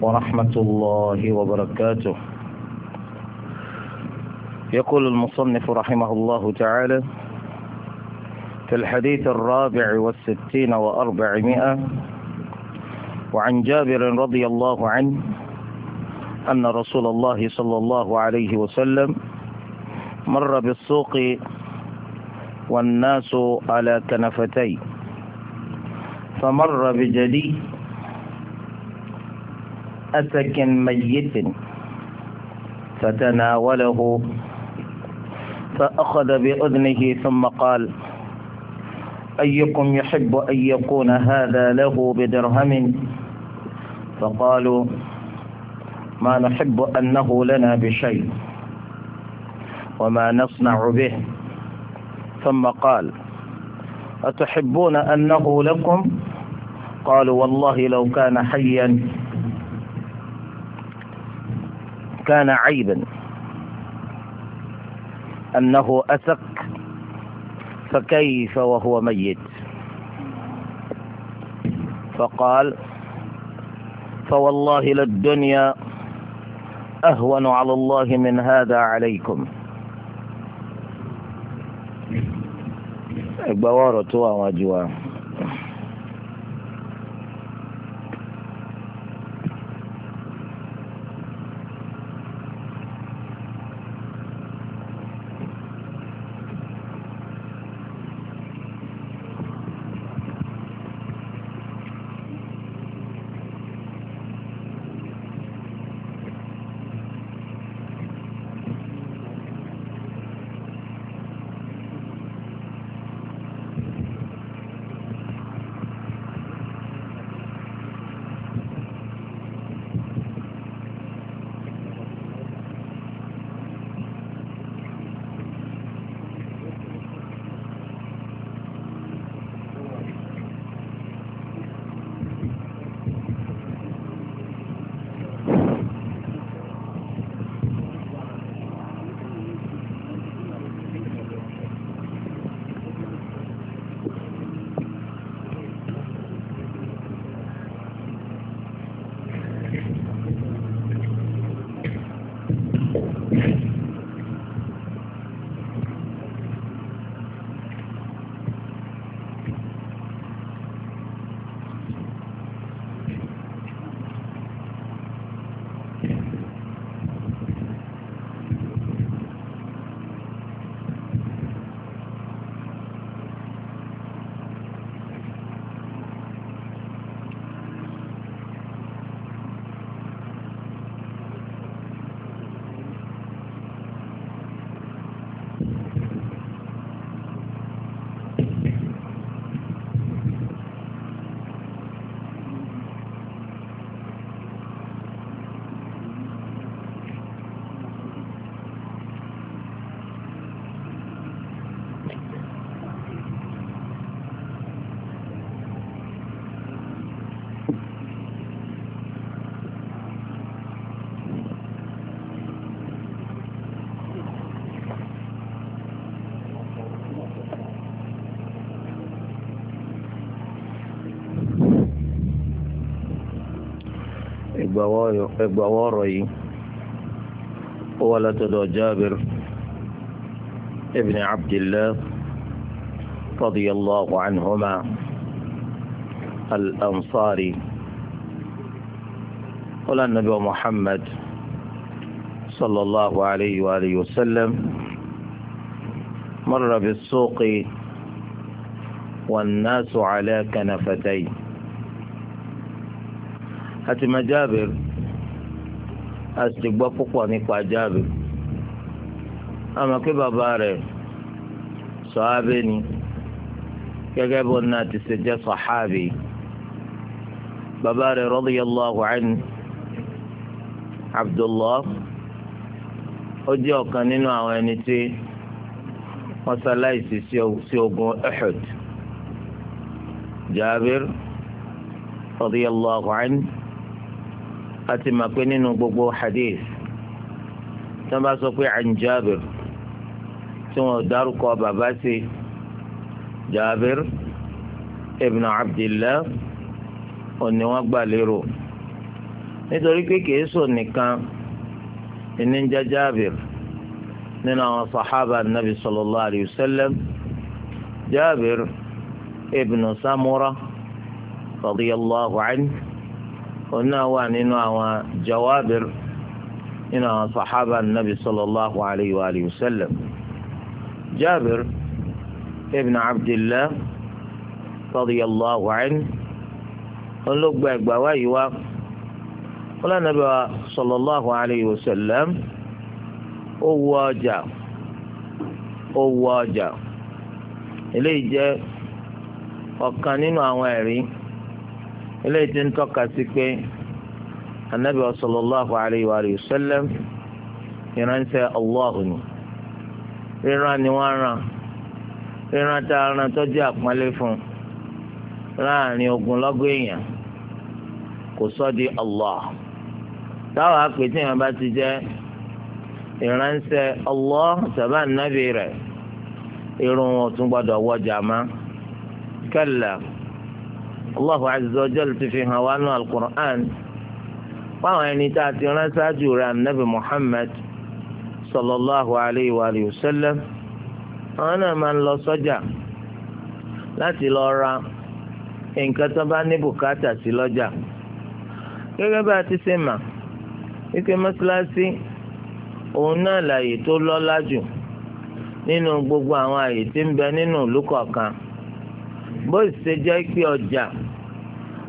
ورحمة الله وبركاته يقول المصنف رحمه الله تعالى في الحديث الرابع والستين وأربعمائة وعن جابر رضي الله عنه أن رسول الله صلى الله عليه وسلم مر بالسوق والناس على كنفتي فمر بجدي أتك ميت فتناوله فأخذ بأذنه ثم قال أيكم يحب أن يكون هذا له بدرهم فقالوا ما نحب أنه لنا بشيء وما نصنع به ثم قال أتحبون أنه لكم قالوا والله لو كان حيا كان عيبا أنه أثق فكيف وهو ميت فقال فوالله للدنيا أهون على الله من هذا عليكم إقبوارة وواجوة ẹgbàwọ́ ọ̀rọ̀ yìí ó wà látọ̀dọ̀ Jabir ibn Abdillah radiyallahu anhuma al-Ansari ó lànà bí wa Muhammad sallallahu alayhi wa alihi wa sallam marra bis-suqi wan-nasu ala kanafatayhi. àti ma Jábìrì a sì gbọ́ púpọ̀ nípa Jábìrì àmọ́ kí bàbá rẹ̀ sọ̀hábì ni gẹ́gẹ́ bó náà ti ṣe jẹ́ sọ̀hábì bàbá rẹ̀ radiyallahu anhu Abdullah ó jẹ́ ọ̀kan nínú àwọn ẹni tí wọ́n ṣaláìsí sí ogun Uhud Jábìrì radiyallahu anhu a ti mọ̀ pé nínú gbogbo hadith tí wọ́n bá sọ pé an Jabir tí wọ́n dárúkọ bàbá sí Jabir ibn Abdillah òní wọ́n gbà lérò nítorí pé kìí sọ nìkan ìní ń jẹ́ Jabir nínú àwọn sàhábà nàbì sallallahu alayhi wa sallam Jabir ibn Samura radiyallahu anhu òun náà wà nínú àwọn jawabir nínú àwọn sàhábà nàbì sallallahu alayhi wa alihi wa sallam jabir ibn abdillah radiyallahu anhu olóògbé ẹgbà wáyé wá wọn lànàbẹ wa sallallahu alayhi wa sallam ó ọjà ó ọjà eléyìí jẹ ọ̀kan nínú àwọn ẹ̀rí. eléyìí ti ń tọ́ka sí pé anabi sallallahu alayhi wa sallam ìránṣẹ́ Allahu ni ríran ni wọ́n ran ríran tá a rán tọ́jú àpọ́nlé fún láàrin ogunlọ́gọ̀ èèyàn kò sọ di Allah táwọn àpètí yẹn bá ti jẹ́ ìránṣẹ́ Allah sábà nàbì rẹ̀ irun wọn gbado gbọ́dọ̀ wọ Allahu azza wa fi hàn wá nù al-Qur'an fáwọn ẹni tá a ti rán ṣáájú rẹ̀ anabi sallallahu alayhi wa sallam àwọn náà máa ń lọ lọ ra nketa bá òun náà làyè tó lọ́lá jù nínú gbogbo àwọn àyè tí ń bẹ nínú ìlú bó ṣe jẹ́ ọjà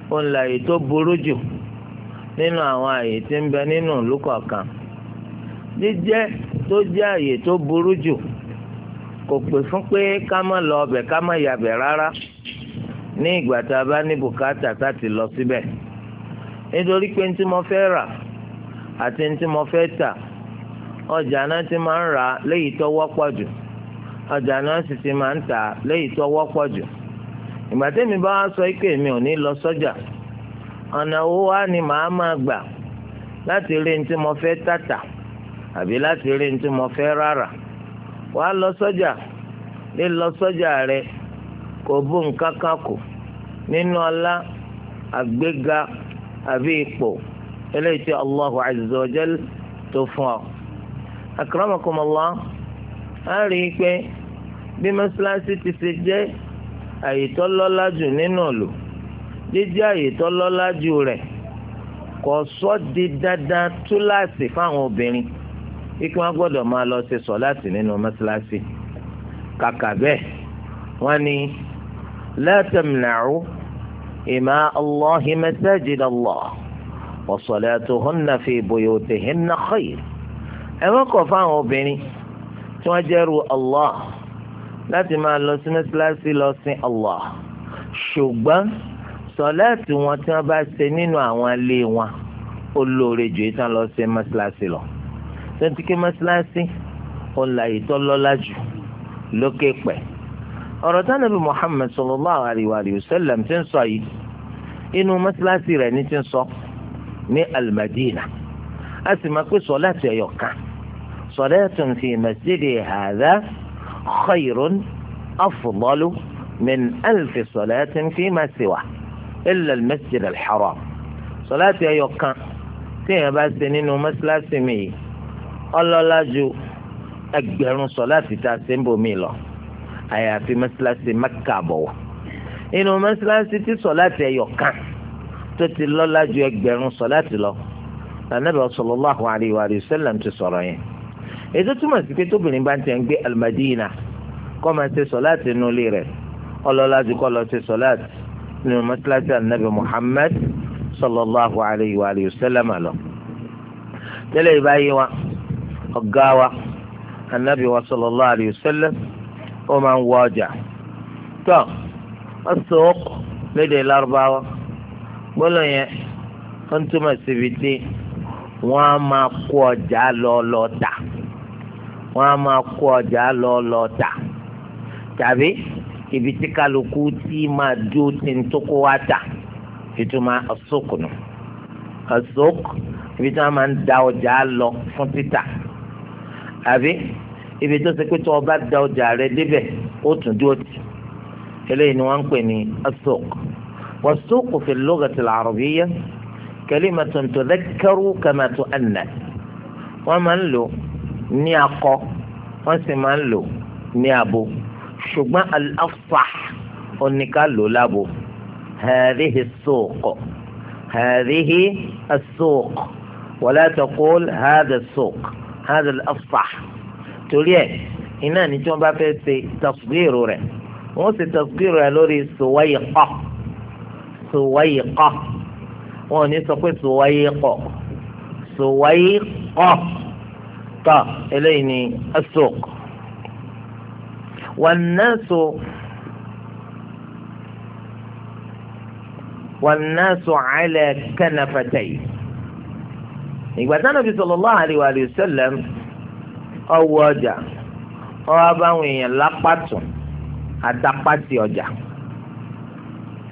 òun làyè tó burú jù nínú àwọn àyè tí ń bẹ nínú ìlú kọ̀ọ̀kan jíjẹ́ tó jẹ́ àyè tó burú jù kò pè fún pé ká lọ ọbẹ̀ ká má yàbẹ̀ rárá ní ìgbà tá a lọ síbẹ̀ nítorí pé ní tí mo fẹ́ rà àti ní tí ọjà náà ti máa ń rà léyìí tó wọ́pọ̀ jù ọjà náà sì ti máa ń tà léyìí ìgbà tẹ́mi bá wá sọ pé mi ò ní lọ sọ́jà ọ̀nà owó wa ni màá máa gbà láti rí ní tí mo fẹ́ tàtà àbí láti rí ní tí mo fẹ́ rárà wà á lọ sọ́jà lílọ sọ́jà rẹ kò bó nǹkan kan kù nínú Allahu tó fún ọ. Allah rí i pé bí ti ṣe jẹ́ àyè tó lọ́lá jù nínú ìlú jíjẹ́ àyè tó lọ́lá jù rẹ̀ kò sọ di dandan túláàsì fáwọn obìnrin kí wọ́n gbọ́dọ̀ máa lọ ṣe sọ̀láàtì nínú mọ́ṣáláṣí kàkà bẹ́ẹ̀ wọ́n ní la tamna'u ima Allahi masajid Allah wa salatuhunna fi buyutihinna khayr ẹ̀wọ́n kọ̀ fáwọn obìnrin tí wọ́n jẹ́rù Allah láti máa lọ sí mẹ́sàlásì lọ sin Allah ṣùgbọ́n sọ̀láàtì wọn tí wọ́n bá ṣe nínú àwọn ilé wọn ó lóore jù ìtàn lọ sí mẹ́sàlásì lọ tẹ́tí kí mẹ́sàlásì ó la ìtọ́ lọ́lá jù lókè pẹ̀ ọ̀rọ̀ tí Ànábì Muhammad sallallahu alaihi wa sallam ti ń sọ yìí inú mẹ́sàlásì rẹ̀ ní ti ń sọ ní al a sì máa pé sọ̀láàtì ẹ̀yọ̀ kan sọ̀láàtì fi masjidi hadha khayrun afdalu min alfi salatin fi ma siwa illa al-masjid al-haram sọláàtì ẹyọ kan téèyàn bá ṣe nínú mọ́ṣáláṣí mi yìí ọlọ́lá ju ẹgbẹ̀rún sọláàtì tá a ṣe ń bò mí lọ àyàfi mọ́ṣáláṣí mẹ́kà àbọ̀wọ̀ inú mọ́ṣáláṣí tí sọláàtì ẹyọ kan tó ti lọ́lá ju ẹgbẹ̀rún sọláàtì lọ lànàbẹ̀ sallallahu alaihi wa sallam ti sọ̀rọ̀ yẹn ètò túmọ̀ sí pé tóbìnrin bá ń tẹ̀ ń gbé alimadina kọ́ máa ṣe sọ́láàtì nínú ilé rẹ̀ ọlọ́lá ju kọ́ lọ ṣe sọ́láàtì nínú mọ́tíláṣí ànábì Muhammad sallallahu alayhi wa alihi wa sallam lọ. tẹ́lẹ̀ ìbáyé wa ọ̀gá wa ànábì wa sallallahu alayhi wa sallam ó máa ń wọ ọjà. tó as-suq lédè lárúbáwá gbọ́dọ̀ yẹn ó ń túmọ̀ síbi tí wọ́n á máa kó ọjà lọ́ọ́ lọ́ọ́ ta wọ́n á máa kó ọjà lọ lọ tà tàbí ibi tí kálukú tí máa dúró tí ń tó kó wá tà ìtumọ̀ ọ̀sọ́kù nù ọ̀sọ́kù ibi tí wọ́n máa ń da ọjà lọ fún títà àbí ibi tó ṣe pé tí wọ́n bá da ọjà rẹ débẹ̀ ó tún dúró tì eléyìí ni wọ́n ń pè ní ọ̀sọ́kù wọ́sọ́kù fi lughat al-arabiyyah kalimatun tudhakkaru kama tu'annas wọ́n máa ń lò ní akọ wọ́n sì máa ń lò ní abo ṣùgbọ́n al-afsah oníkà lò lábo hàríhi sóòkò hàríhi sóòkò wala taqul hàdà sóòkò hàdà al-afsah torí ẹ̀ iná ní tí wọ́n bá fẹ́ ṣe tasghiru rẹ̀ wọ́n ṣe tasghiru rẹ̀ lórí suwayqa suwayqa wọ́n ò ní sọ pé suwayqa suwayqa tọ́ eléyìí ni asok wànásù wànásù ala kanafatayhi ìgbà tí Ànábì sallallahu alaihi wa sallam ọwọ́ ọjà ọwọ́ abáwọn èèyàn lápàtún àtàpàtì ọjà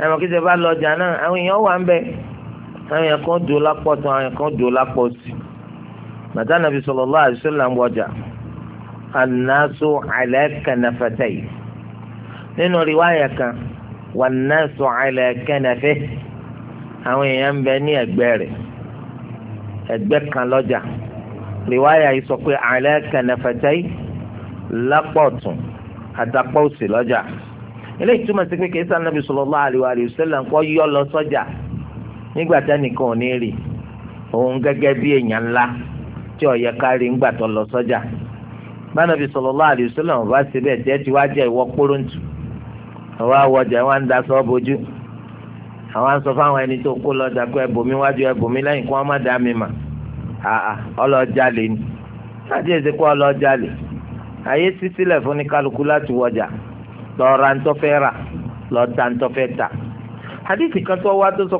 ẹ̀wọ̀n kí ṣe bá lọ ọjà náà àwọn èèyàn wà ń bẹ àwọn èèyàn kan dùn lápọ̀ àwọn èèyàn kan dùn lápọ̀ màtá nàbí sallallahu alaihi wasallam wọjà annasu ala kanafatayhi nínú riwaya kan wannasu ala kanafihi àwọn èèyàn ń bẹ ní ẹ̀gbẹ́ rẹ̀ ẹ̀gbẹ́ kan lọ́jà riwaya yìí sọ pé ala kanafatayhi lápá ọ̀tún àtàpá òsì lọ́jà eléyìí túmọ̀ sí pé kìí sá nàbì sallallahu alaihi wasallam kọ́ yọ lọ sọ́jà nígbà tẹ́nìkan ò ní rí òun gẹ́gẹ́ bí èèyàn ńlá tí ọ̀yẹ́ kárí ńgbà tó lọ sọ́jà bánàbí sallallahu ti wá jẹ́ ìwọ kúrúǹtù àwọn awọjà wọn ń daṣọ bójú àwọn fáwọn ẹni tó kó lọ́jà pé ẹbùnmi wájú ẹbùnmi lẹ́yìn kí má dá mà àà lè ní láti kó lè fún ní kálukú láti wọjà ra ta àdìsí kan tó wá tó sọ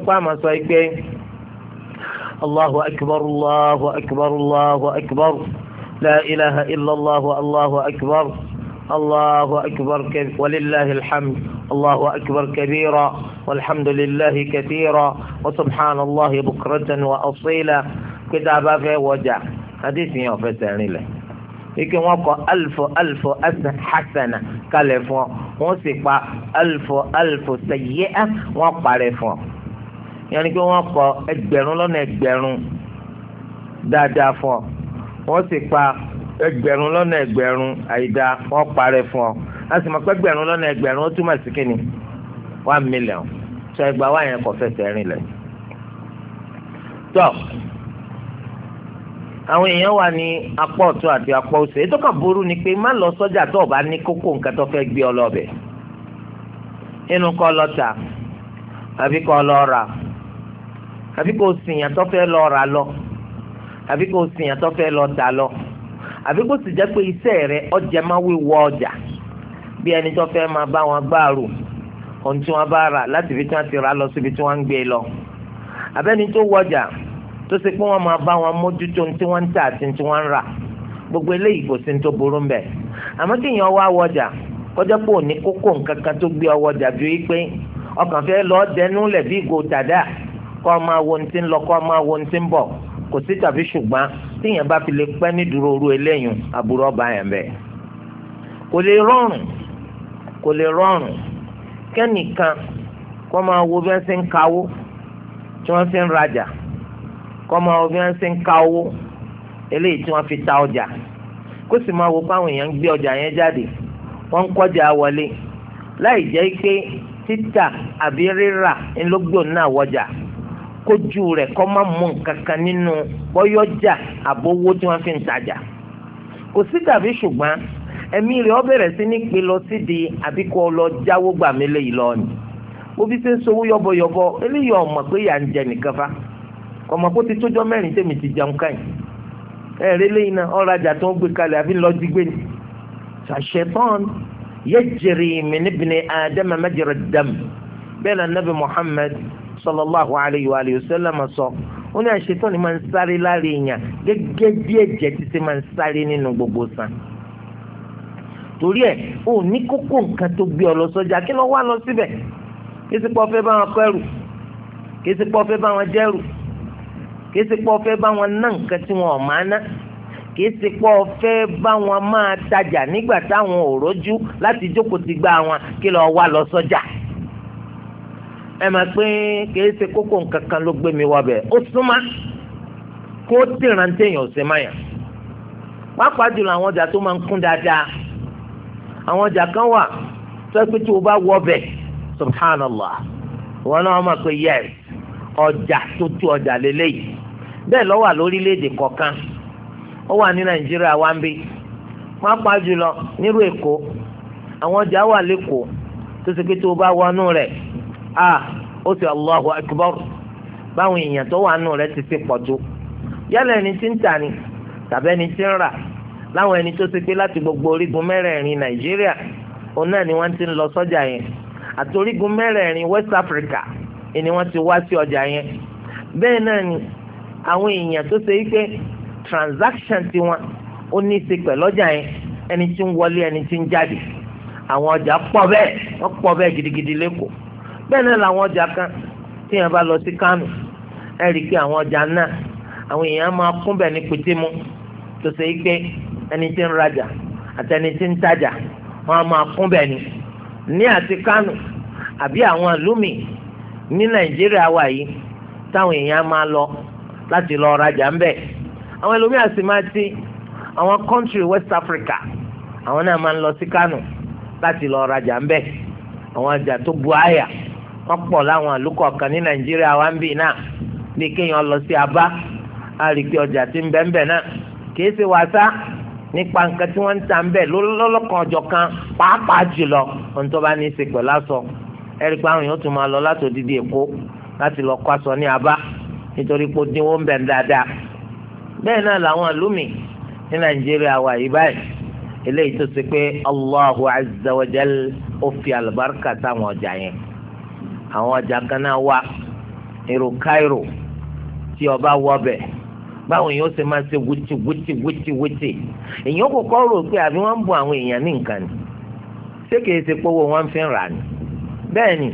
الله أكبر الله أكبر الله أكبر لا إله إلا الله الله أكبر الله أكبر ولله الحمد الله أكبر كبيرا والحمد لله كثيرا وسبحان الله بكرة وأصيلا كتاب في وجع حديث يوم فتاني له يمكن وقع ألف ألف حسنة كالفون وسيقى ألف ألف سيئة وقع yẹn ni pé wọ́n kọ ẹgbẹ̀rún lọ́nà ẹgbẹ̀rún dáadáa fún ọ wọ́n sì pa ẹgbẹ̀rún lọ́nà ẹgbẹ̀rún àìdá wọ́n parẹ́ fún ọ a sì mọ̀ pé ẹgbẹ̀rún lọ́nà ẹgbẹ̀rún ó túmọ̀ sí kíni one million sọ ẹgbà wá yẹn kò fẹsẹ̀ rìn lẹ̀. tọ́ àwọn èèyàn wà ní apá ọ̀tún àti apá òsì ètò kan burú ni pé má lọ sọ́jà tó o bá ní kókó nǹkan tó fẹ́ gbé ọ lọ inú kọ́ lọ́ta àbí kọ́ lọ́ọ́ rà àbí kò sìyàn tó fẹ́ lọ rà lọ àbí kò sìyàn tó fẹ́ lọ tà lọ àbí kò sì jẹ́ pé iṣẹ́ rẹ ọjà máa wíwọ ọjà bí ẹni tó fẹ́ máa bá wọn gbàrú ohun tí wọ́n bá rà láti ibi tí wọ́n ti rà lọ síbi tí wọ́n ń gbé e lọ àbẹ́ni tó wọjà tó ṣe pé wọ́n máa bá wọn mójútó ohun tí wọ́n ń tà àti ohun tí wọ́n ń rà gbogbo eléyìí kò sí ní tó burú mbẹ àmọ́ kéèyàn wá wọjà kọjá pé òní kókó nǹkan kan tó gbé ọwọjà bí wípé ọkàn fẹ́ lọ dẹnu lẹ̀ bí ìgò tàdá kọ́ ọ máa wo ní ti ń lọ kọ́ ọ máa wo ní ti ń bọ̀ kò sí tàbí ṣùgbọ́n tíyẹn bá fi lè pẹ́ ní dúró oru eléyìí àbúrò ọba yẹn bẹ́ẹ̀. kò lè rọrùn kò lè rọrùn kẹ́nìkan kọ́ máa wo bí wọ́n ṣe ń kawó tí wọ́n ṣe ń rajà kọ́ máa wo bí wọ́n ṣe ń ka eléyìí tí wọ́n fi ta ọjà kó sì máa wo páwọn èèyàn gbé ọjà yẹn jáde wọ́n ń kọjá wọlé láì jẹ́ pé títà àbí rírà ńlọgbọ̀n náà wọjà kójú rẹ̀ kọ́ má mú nǹkankan nínú bọ́yọ́jà àbówó tí wọ́n fi ń tajà kò sí tàbí ṣùgbọ́n ẹ̀mí rẹ̀ ọ bẹ̀rẹ̀ sí ní pé lọ sídìí àbí kọ́ lọ jáwó gbà mí lè lọ ni òbí ṣe ń sowó yọbọyọbọ eléyìí ọmọ pé yà ń jẹ nìkan fa ọmọ kó ti tójọ mẹ́rin tèmi ti jẹun káyìn ẹ̀rẹ́ lẹ́yìn náà ọ̀rọ̀ ajá tó ń gbé kalẹ̀ àfi lọ́ọ́ jí gbé ni ṣàṣetán yẹ jèrè mí níbi ni àdàmà mẹ́jẹrẹ dàm bẹ́ẹ̀ náà nàbì Muhammad sallallahu alayhi wa sallam sọ ó ní àṣetán ni máa ń sáré lára èèyàn gẹ́gẹ́ bí ẹ̀jẹ̀ ti ṣe máa ń sáré nínú gbogbo sàn torí ẹ̀ ò ní kókó nǹkan tó gbé ọ lọ sọ́jà kí ló wá lọ síbẹ̀ kí sì pọ̀ fẹ́ bá wọn kẹ́rù kí sì pọ̀ fẹ́ bá wọn jẹ́rù kí sì pọ̀ fẹ́ bá wọn ná nǹkan tí wọn ò máa ná kì í ti fẹ́ bá wọn máa tajà nígbà táwọn ò rójú láti jókòó ti gbá wọn kí lọ́ọ́ wá lọ sọ́jà. So ẹ máa pé kìí ṣe kókó nǹkan kan ló gbé mi wá bẹ̀ ó súnmá kó tìrántí èèyàn ṣe má yàn pàápàá jùlọ àwọn ọjà tó kan wà tó pé tí o bá wọ subhanallah wọn náà máa pé ọjà tó ọjà lélẹ́yìí bẹ́ẹ̀ lórílẹ̀‐èdè kọ̀ọ̀kan ó wà ní nàìjíríà wá ń bí pàápàá jùlọ nírú èkó a ó sì allahu akbar báwọn èèyàn tó wà nù rẹ ti ti pọ̀ tó yálà ẹni tí ń tà ni tàbí ẹni tí ń rà láwọn ẹni tó ti pé láti gbogbo orígun mẹ́rẹ̀ẹ̀rin nàìjíríà òun náà ni wọ́n ti ń lọ sọ́jà yẹn àti orígun mẹ́rẹ̀ẹ̀rin west africa ni wọ́n ti wá sí ọjà yẹn bẹ́ẹ̀ náà ni àwọn èèyàn tó ṣe wípé transaction tiwọn ó ní í ṣe pẹ̀lú ọjà yẹn ẹni tí ń wọlé ẹni tí ń jáde àwọn ọjà pọ̀ bẹ́ẹ̀ wọ́n pọ̀ bẹ́ẹ̀ gidigidi lẹ́kọ̀ọ́ bẹ́ẹ̀ náà làwọn ọjà kan tí èèyàn bá lọ sí Kánò ẹ rí i pé àwọn ọjà náà àwọn èèyàn máa kún bẹ̀ ní pétémù tó ṣe é pé ẹni tí ń rajà àti ẹni tí ń tajà wọn á máa kún bẹ̀ ní. ní àti Kánò àbí àwọn àlùmí ní Nàìjíríà wà ti àwọn West Africa àwọn náà máa ń lọ sí Kánò láti lọ rajà ń bẹ̀. wọ́n pọ̀ láwọn àlùkò ọ̀kan ní nàìjíríà wa ń bì náà bí kéèyàn lọ sí abá a rí i pé ọjà ti ń bẹ́ẹ̀ bẹ́ẹ̀ náà kìí ṣe wàásà nípa nǹkan tí wọ́n ń ta ń bẹ̀ lọ́lọ́kan ọjọ́ kan pàápàá jùlọ ohun tó bá ní í ṣe pẹ̀lú aṣọ ẹ rí àwọn èèyàn tún máa lọ láti òdìdí èkó láti lọ kó aṣọ ní abá nítorí pé ó dínwó ń bẹ̀ dáadáa bẹ́ẹ̀ náà làwọn àlùmí ní nàìjíríà wà yìí báyìí eléyìí tó ṣe pé Allahu azza wa jal ó fi àlùbáríkà sáwọn ọjà yẹn àwọn ọjà kan náà wà èrò Cairo tí ọba wọbẹ báwọn èèyàn ṣe máa ṣe wíti wíti wíti wíti èèyàn kò kọ́ rò pé àbí wọ́n ń bu àwọn èèyàn ní nǹkan ni ṣé kìí ṣe pé owó wọn fi ń rà ni bẹ́ẹ̀ ni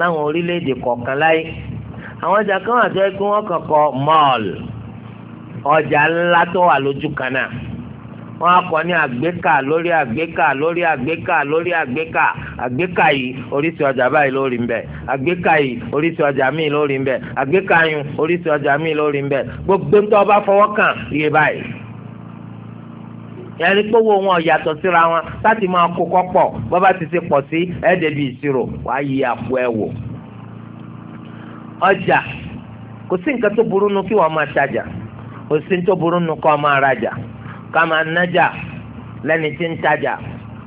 láwọn orílẹ̀-èdè kọ̀ọ̀kan láyé àwọn ọjà kan wà tó yẹ kí wọ́n kàn mọ́ọ̀lù ọjà ńlá tó wà lójú kan náà wọn á kọ ní àgbékà lórí àgbékà lórí àgbékà lórí àgbékà àgbékà yìí oríṣi ọjà báyìí lórí ń bẹ àgbékà yìí oríṣi ọjà míì lórí ń bẹ àgbékà yìí oríṣi ọjà míì lórí ń bẹ gbogbo ń tọ́ bá fọwọ́ kàn iye báyìí yẹn ní gbowó wọn yàtọ̀ síra wọn láti máa kó kọ́pọ̀ bọ́bá ti ṣe pọ̀ sí ẹ̀ẹ́dẹ̀bì ìṣirò wàá yí àpò ẹ̀ wò ọjà kò sí nǹkan tó burú nu kí wọ́n máa Kama máa nájà lẹ́ni tí ń tajà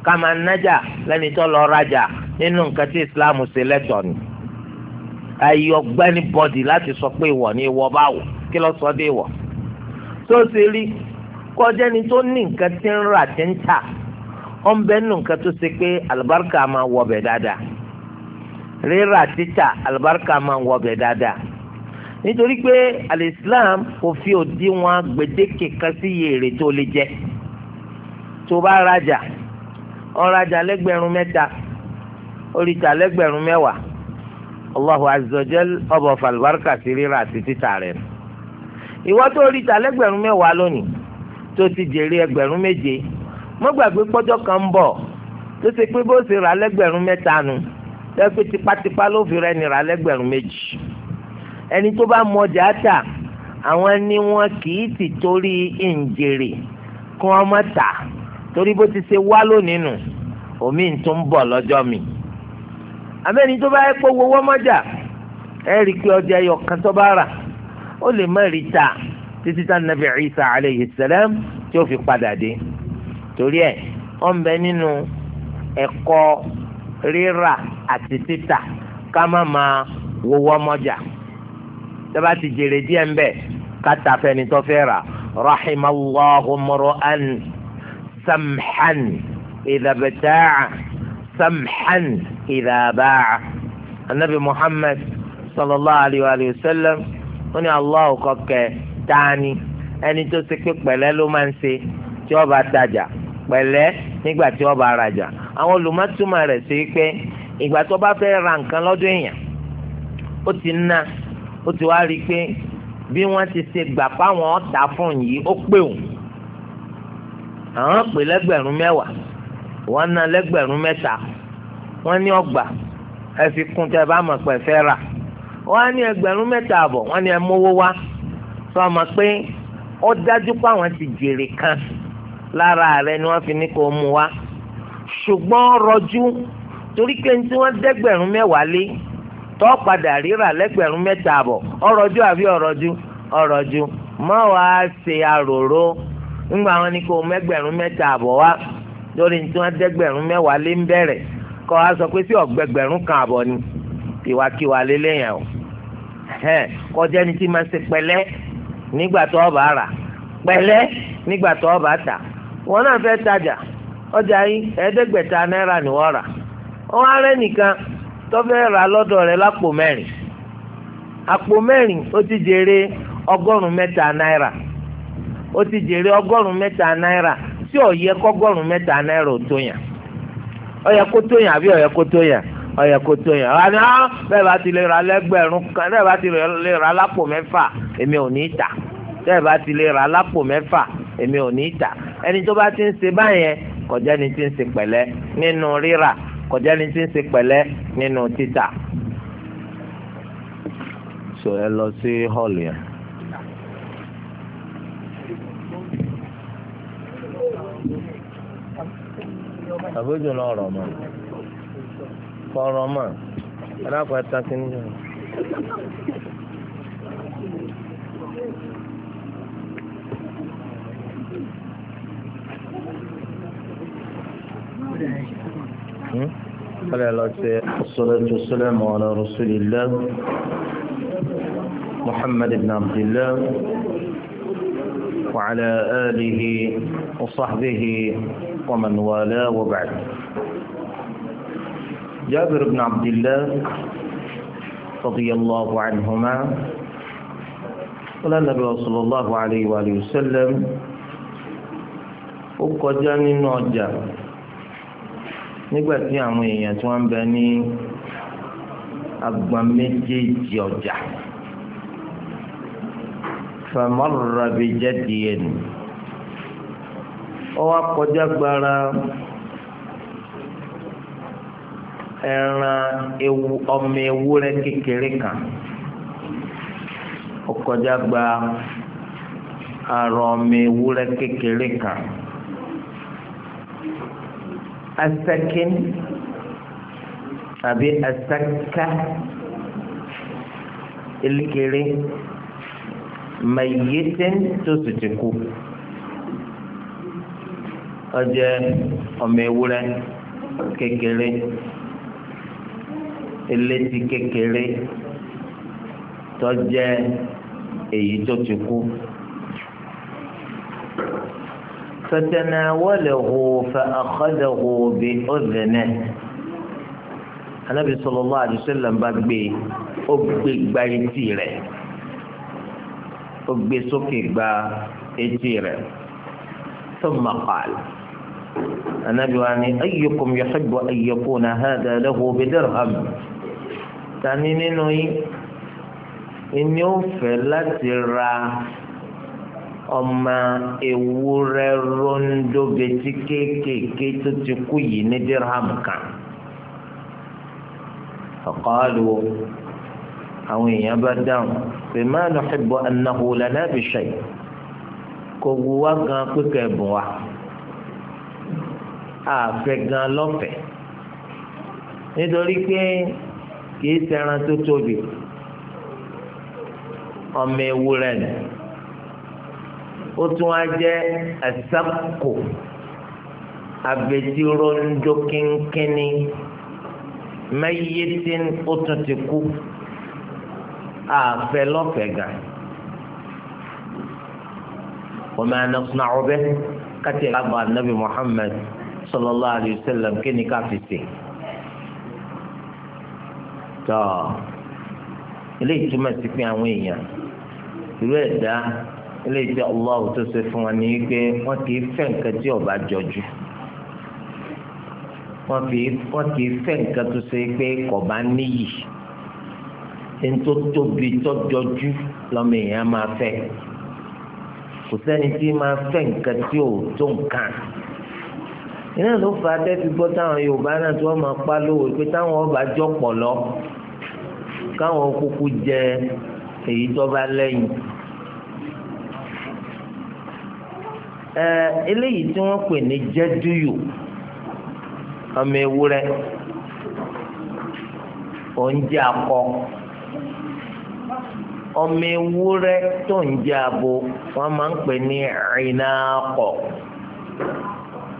ká máa nájà lẹ́ni tó rajà nínú nǹkan tí islam ṣe lẹ́tọ̀ọ́ ni ayé ọgbẹ́ni bọ́dì láti sọ pé ìwọ ni ìwọ bá wò kí ló sọ dé ìwọ. tó ṣe rí kọjá ni tó ní nǹkan tí ń rà tí ń tà ó ń bẹ́ẹ̀ nù nǹkan tó ṣe pé àlùbáríkà máa wọbẹ̀ dáadáa rírà títà àlùbáríkà máa wọbẹ̀ dáadáa nítorí pé alìsílám kò fi òdiwọ̀n gbèdéke kan sí iye èrè tó lè jẹ tó bá rajà ọ̀rajà lẹ́gbẹ̀rún mẹ́ta oríta lẹ́gbẹ̀rún mẹ́wàá Allahu azọjẹ́l ọbọ̀ fàlùbáríkà sí rírà àti títà rẹ̀ ìwọ tó oríta lẹ́gbẹ̀rún mẹ́wàá lónìí tó ti jèrè ẹgbẹ̀rún méje mo gbàgbé pọ́jọ́ kan ń bọ̀ tó ṣe pé bó ṣe rà lẹ́gbẹ̀rún mẹ́ta nu lẹ́gbẹ̀ẹ́ tipátipá ló fi rẹ́ni rà lẹ́gbẹ̀rún méjì ẹni tó bá mọjà tà àwọn ni wọn kì í ti torí ìǹjèrè kí wọn má tà torí bó ti ṣe wá lónìí nù omi tó ń bọ̀ lọ́jọ́ mi. àbẹ́ni tó bá yẹ kó wọ́wọ́ mọ́jà ẹ rí i pé ọjà ẹyọ kan tó bá rà ó lè má rí ta títí tá nàbẹ̀ Ìsá alayhi salam tí ó fi padà dé torí ẹ̀ ó ń bẹ nínú ẹ̀kọ́ rírà àti títà ká má máa wọ́wọ́ mọ́jà tẹ́bá ti jèrè díẹ̀ ń bẹ̀ káta fẹ́ni tó fẹ́ rà rahimallahu mur'an samhan ìdàbẹ̀tàà samhan ìdàbàà anabi muhammad sallallahu alayhi wa sallam ó ní allah kọkẹ tani ẹni tó ṣe pé pẹ̀lẹ́ ló máa ń ṣe tí ó bá tajà pẹ̀lẹ́ nígbà tí ó bá rajà àwọn olùmọ̀túmọ̀ rẹ̀ ṣe pé ìgbà tó bá fẹ́ ra nǹkan lọ́dún èèyàn ó ti ná ó ti wá rí i pé bí wọ́n ti ṣe gbà fáwọn ọ̀tá fún yìí ó pé òun àwọn pè lẹ́gbẹ̀rún mẹ́wàá wọ́n ná lẹ́gbẹ̀rún mẹ́ta wọ́n ní ọgbà ẹ fi kún tẹ́ bá mọ̀ pé fẹ́ rà wọ́n ní ẹgbẹ̀rún mẹ́ta àbọ̀ wọ́n ní ẹ mówó wá sọ ma pé ó dájú pé àwọn ti jèrè kan lára rẹ ni wọ́n fi ní kó mú wá ṣùgbọ́n rọjú torí pé tí wọ́n dẹ́gbẹ̀rún mẹ́wàá lé tó padà ríra lẹ́gbẹ̀rún mẹ́ta àbọ̀ ọ̀rọ̀jú àbí ọ̀rọ̀jú ọ̀rọ̀jú mọ́ wàá ṣe àròró ńgbà wọn ni kò mẹ́gbẹ̀rún mẹ́ta àbọ̀ wá lórí tí wọ́n dẹ́gbẹ̀rún mẹ́wàá lé ń bẹ̀rẹ̀ kọ́ a sọ pé sí ọ̀gbẹ̀gbẹ̀rún kan àbọ̀ ni ìwàkiwà lélẹ́yìn o kọjá ni tí máa ṣe pẹ̀lẹ́ nígbà tó ọba rà pẹ̀lẹ́ nígbà tó ọba tà wọn náà fẹ́ tajà ọjà yín ẹ̀ẹ́dẹ́gbẹ̀ta náírà ni wọ́n rà wọ́n á rẹ́ nìkan tọ́fẹ́ rà lọ́dọ̀ rẹ̀ lápò mẹ́rin àpò mẹ́rin ó ti jèrè ọgọ́rùn-ún mẹ́ta náírà ó ti jèrè ọgọ́rùn-ún mẹ́ta náírà tí ó kọ́gọ́rùn-ún mẹ́ta náírà ò tó yàn ó kó tó yàn àbí kó tó ah, bẹ́ẹ̀ bá ti lè ra lẹ́gbẹ̀rún kan bẹ́ẹ̀ bá ti mẹ́fà èmi ò ní í bẹ́ẹ̀ bá ti mẹ́fà èmi ò ní í ẹni tó bá kọjá ni tí ń ṣe pẹ̀lẹ́ nínú títà so ẹ lọ sí hall yẹn. àbójú náà rọ̀ mọ́ fọ́rọ̀ mọ́ alákọ̀ọ́ ta kí ni. Thank you. الصلاة والسلام على رسول الله محمد بن عبد الله وعلى آله وصحبه ومن والاه وبعد جابر بن عبد الله رضي الله عنهما قال النبي صلى الله عليه وآله وسلم وقد جاء nígbà tí àwọn èèyàn tí wọ́n ń bẹ ní agbọn méjèèjì ọjà fàmọ́rọ̀bì jẹ́dìé nù ó wá kọjá gbára ẹran ewu ọmọ ewúrẹ́ kékeré kan ó kọjá gba ara ọmọ ewúrẹ́ kékeré kan asakin àbí asaka elékeré mayetin tó sì ti kú ọjẹ ọmọ ewúrẹ́ kékeré eléti kékeré tó èyí tó ti kú. فتناوله فأخذه بأذنه النبي صلى الله عليه وسلم بقبي أبي بيتيره أبقي سكي بيتيره ثم قال النبي يعني أيكم يحب أن يكون هذا له بدرهم تاني نينوي إن يوفر لترى ọmọ ewúrẹ́ rondo betí kéékèèké tó ti kú yìí ní dirham kan ọ̀kọ́lù àwọn èèyàn bá dáhùn pé má lọ ṣẹbọ ẹnáwó lẹ́nà ìbíṣẹ́ kò wù wá gan pípẹ́ ẹ̀bùn wa àfẹ́ gan lọ́fẹ̀ẹ́ nítorí pé kìí ṣẹran tó tóbi ọmọ ewúrẹ́ nìyẹn ó tún á jẹ́ ẹ̀sàkò abetirondo kínkínní mẹ́yẹ́tì ó tún ti kú àfẹ́ lọ́fẹ̀ẹ́ gan. وما نصنع به كتب النبي محمد صلى الله عليه وسلم كني كافي سي تا ليه تمسك في عوين يعني eléyìí tí Allah tó ṣe fún wa ní pé wọ́n kì í fẹ́ nǹkan tí ọba jọjú wọ́n kì í fẹ́ nǹkan tó ṣe pé kọ̀ọ̀bá níyì ẹni tó tóbi tó jọjú lọ́mọ èèyàn máa fẹ́ kò sẹ́ni tí máa fẹ́ nǹkan tí ò tó nǹkan iná ló fa tẹ́tí gbọ́ táwọn Yorùbá náà tí wọ́n máa pa lówó pé táwọn ọba jọ pọ̀ lọ káwọn kúkú jẹ èyí tó bá lẹ́yìn. eléyìí tí wọ́n pè ní jẹ́dúyù ọmọ ewúrẹ́ oúnjẹ akọ ọmọ ewúrẹ́ tó ń jẹ abo wọ́n máa ń pè ní ìnáàkọ̀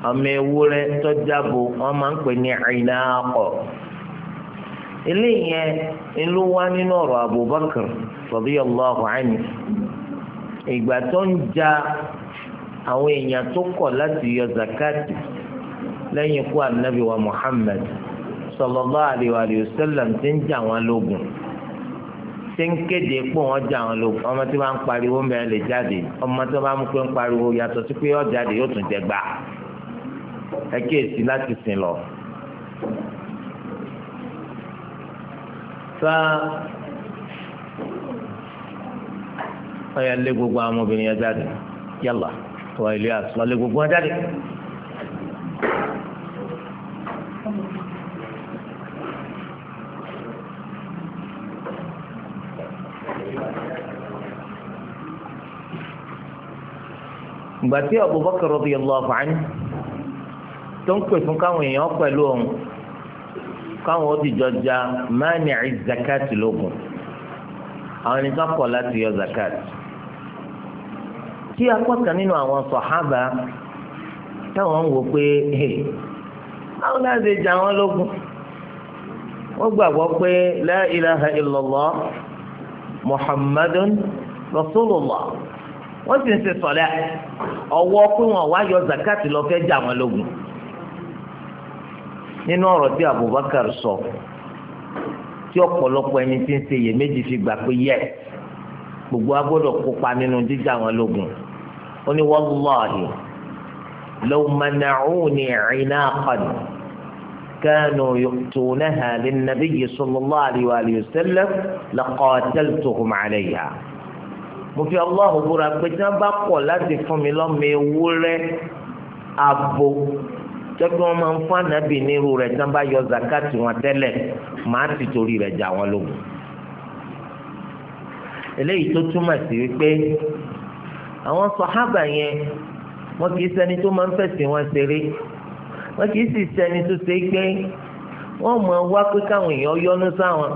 ọmọ ewúrẹ́ tó jábo wọ́n máa ń pè ní ìnáàkọ̀ eléyìí yẹn ló wá nínú ọ̀rọ̀ Abubakar radiyallahu ìgbà tó ń àwọn èèyàn tó kọ̀ láti yọ zakati lẹ́yìn ikú anabi wa muhammed sallallahu alayhi wa sallam ti ń jà wọn lógun ti ń kéde pé wọn jà wọn lógun ọmọ tí wọn ń pariwo mẹ́rin lè jáde ọmọ tí wọn bá mú pé ń pariwo yàtọ̀ sí pé yọ jáde yóò tún jẹ gbà ẹ kíyèsí láti sìn lọ. fa ọyàn lé gbogbo àwọn ọmọbìnrin yẹn jáde yálà. wá ilé àtúwálé gbogbo wọn jáde. gbàtí Abubakar radiyallahu anhu tó ń pè fún káwọn èèyàn pẹ̀lú òun káwọn ó ti jọjà mani zakati lógun àwọn ẹni kọ̀ láti yọ zakati. tí apá kan nínú àwọn sọ̀hábà táwọn ń wò pé báwo náà ṣe jà wọ́n lógun wọ́n gbàgbọ́ pé la ilaha illallah muhammadun rasulullah wọ́n sì ń ṣe sọ̀lẹ́ ọwọ́ pé wọ́n wá yọ zakati lọ fẹ́ jà wọ́n lógun nínú ọ̀rọ̀ tí abubakar sọ tí ọ̀pọ̀lọpọ̀ ẹni tí ń ṣe iyèméjì fi gbà pé yẹ gbogbo agbọ́dọ̀ kópa nínú jíjà wọn lógun ó ní wàlláhi law mana'uni 'inaqan kanu yu'tunaha lin-nabiyyi sallallahu alayhi wa alihi wa sallam laqataltuhum 'alayha mo fi ọlọ́hùn búra pé tí wọ́n bá kọ̀ láti fún mi lọ́mọ ewúrẹ́ abo tọ́jú wọn máa ń fún ànábì nírú rẹ̀ tí wọ́n bá yọ zakati wọn tẹ́lẹ̀ màá ti torí rẹ̀ jà wọn lógun. eléyìí tó túmọ̀ sí wípé àwọn sọ̀hábà yẹn wọ́n kì í ṣẹni tó máa ń fẹ̀sìn wọn ṣeré wọ́n kì í sì ṣẹni tó ṣe é gbé wọ́n máa wá pé káwọn èèyàn yọ́nú sáwọn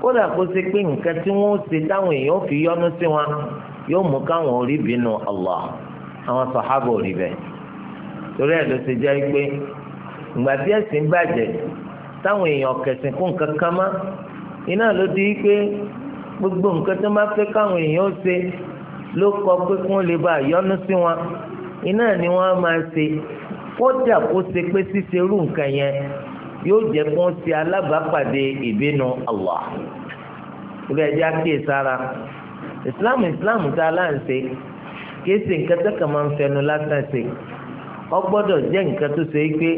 kódà kó ṣe pé nǹkan tí wọ́n ṣe táwọn èèyàn fi yọ́nú sí wọn yóò mú káwọn orí bínú Allah àwọn sọ̀hábà ò rí bẹ́ẹ̀ torí ẹ̀ ló ṣe jẹ́ pé ìgbà tí ẹ̀sìn bàjẹ́ táwọn èèyàn kẹ̀sìn kún kankan mọ́ iná ló di pé gbogbo nǹkan tó máa fẹ́ káwọn èèyàn ṣe ló kọ pé kí wọ́n lè bá yọ́nú sí wọn iná ni wọ́n máa ṣe kódà kó ṣe pé ṣíṣe irú nǹkan yẹn yóò jẹ́ kí wọ́n ṣe alábàápàdé ìbínú Allah islam islam tá a láǹṣe kìí ṣe nǹkan tó kàn máa ń fẹnu lásán ṣe ọ gbọdọ jẹ́ nǹkan tó ṣe é pé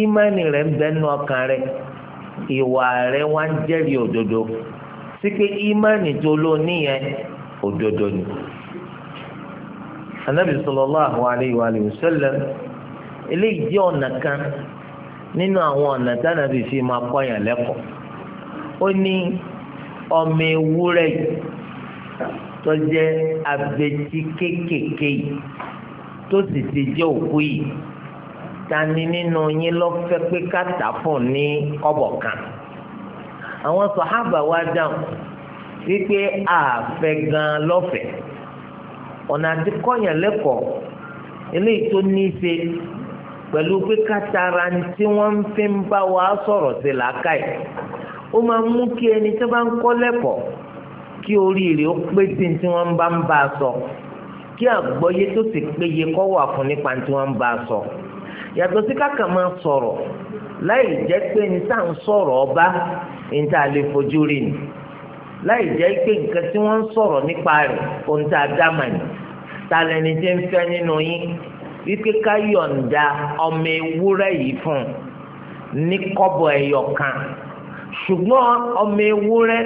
ìmánì rẹ̀ ń bẹ ọkàn rẹ̀ ìwà òdodo ni anabi sallallahu alayhi wa sallam eléyìí jẹ́ ọ̀nà kan nínú àwọn ọ̀nà tánàbì fi máa kọ́yàn lẹ́kọ̀ọ́ ó ní ọmọ ewúrẹ́ tó jẹ́ abẹ́tí kéékèèké yìí tó sì ti jẹ́ òkú yìí tani nínú yín lọ́fẹ́ pé ká tà fún ní kan àwọn wa dáhùn. wípé àfẹ́ gan lọ́fẹ̀ẹ́ ọ̀nà àti kọ́yàn lẹ́kọ̀ọ́ eléyìí tó ní í ṣe pẹ̀lú pé kátàrà tí wọ́n fi ń bá wa sọ̀rọ̀ sí làákàyè ó máa ń mú kí ẹni tó bá ń kọ́ lẹ́kọ̀ọ́ kí oríire ó pé sí tí wọ́n bá ń bá a sọ kí àgbọ́yé tó sì péye kọ́ wà fún nípa tí wọ́n bá a sọ yàtọ̀ sí káka máa sọ̀rọ̀ láì jẹ́ pé ní tá ń sọ̀rọ̀ ọba ní tá a lè fojú rí ni láì jẹ́ pé nǹkan tí wọ́n ń sọ̀rọ̀ nípa rẹ̀ ohun tá a dá màní ta lẹni tí ń fẹ́ nínú yín wípé ká yọ̀ǹda ọmọ ewúrẹ́ yìí fún un ní kọ́bọ̀ ẹyọ kan ṣùgbọ́n ọmọ ewúrẹ́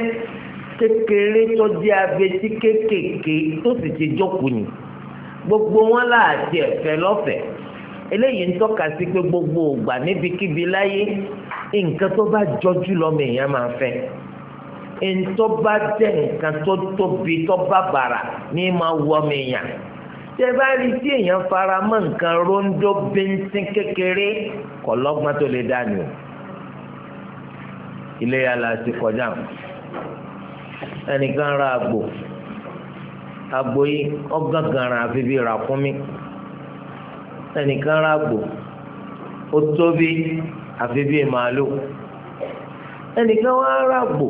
kékeré tó jẹ́ abetí kéékèèké tó sì ti jókòó ni gbogbo wọn láti ẹ̀fẹ́ lọ́fẹ̀ẹ́ eléyìí ń tọ́ka sí pé gbogbo ògbà níbikíbi láyé nǹkan tó bá jọjú lọ́mọ èèyàn máa fẹ́ ntọ́ bá jẹ́ nǹkan tó tóbi bara bá bàrà ní máa wọ ọmọ èèyàn tẹ bá rí tí èèyàn fara mọ́ nǹkan róńdó bíntín kékeré kọ̀ lọ́gbọ́n tó lè dání o iléyà la ti kọjá ẹnìkan ra àgbò àgbò yìí ọgàngàrà àfi bíi ràkúnmí ẹnìkan ra àgbò ó tóbi àfi bíi màálù ẹnìkan wá ra àgbò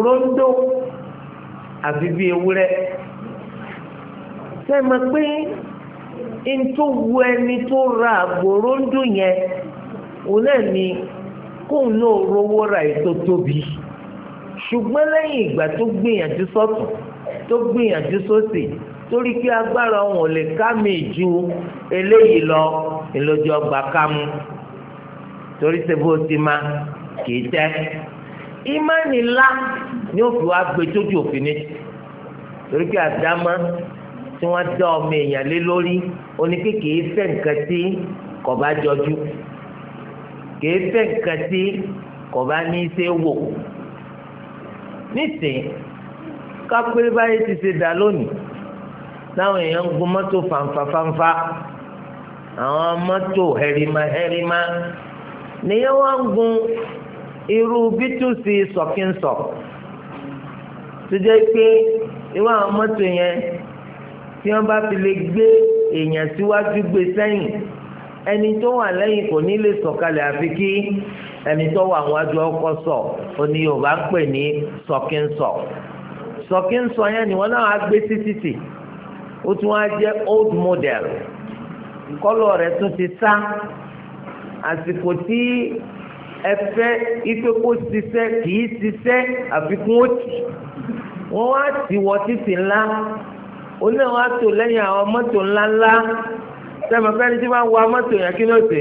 rondo àfi bí ewúrẹ́ ṣe mọ̀ pé ntó wu ẹni tó ra àgbò rondo yẹn òun náà ni kóun náà rówó ra ètò tóbi ṣùgbọ́n lẹ́yìn ìgbà tó gbìyànjú sọ́tún tó gbìyànjú sósì torí kí agbára òun ò lè ká mi ju eléyìí lọ ìlójú ọgbà ká mu torí ṣe bó ti ma kì í tẹ́ ìmánì ńlá ni ó fi wá gbé tójú òfin ní torí pé àdámá tí wọ́n dá ọmọ èèyàn lé lórí oníkékèé fẹ́ nǹkan tí kò bá jọjú kèé fẹ́ nǹkan tí kò bá ní í ṣe wò nísìnyí kápẹ́ báyìí ti ṣe dà lónìí táwọn èèyàn ń gun mọ́tò fanfàfanfà àwọn mọ́tò hẹ̀rìmà nìyẹn wọ́n ń gun irú bítúsì sọ̀kínsọ̀ tó jẹ́ pé irú àwọn mọ́tò yẹn tí wọ́n bá fi lè gbé èèyàn síwájú gbé sẹ́yìn ẹni tó wà lẹ́yìn kò ní lè sọ̀kalẹ̀ àfi kí ẹni tó wà wájú ọkọ̀ sọ̀ òní Yorùbá ń pè ní sọ̀kínsọ̀ sọ̀kínsọ̀ yẹn ni wọ́n náà á gbé sí ó tún wá jẹ́ old model kọ́lọ̀ rẹ̀ tún ti sá àsìkò tí ẹfẹ́ ipe kó ṣiṣẹ́ kìí ṣiṣẹ́ àfikún òtì wọ́n wá tì wọ́ títì ńlá onílẹ̀ wá tò lẹ́yìn àwọn mọ́tò ńláńlá sẹ́mi fẹ́ni tí wọ́n wá mọ́tò yẹn kí ló dé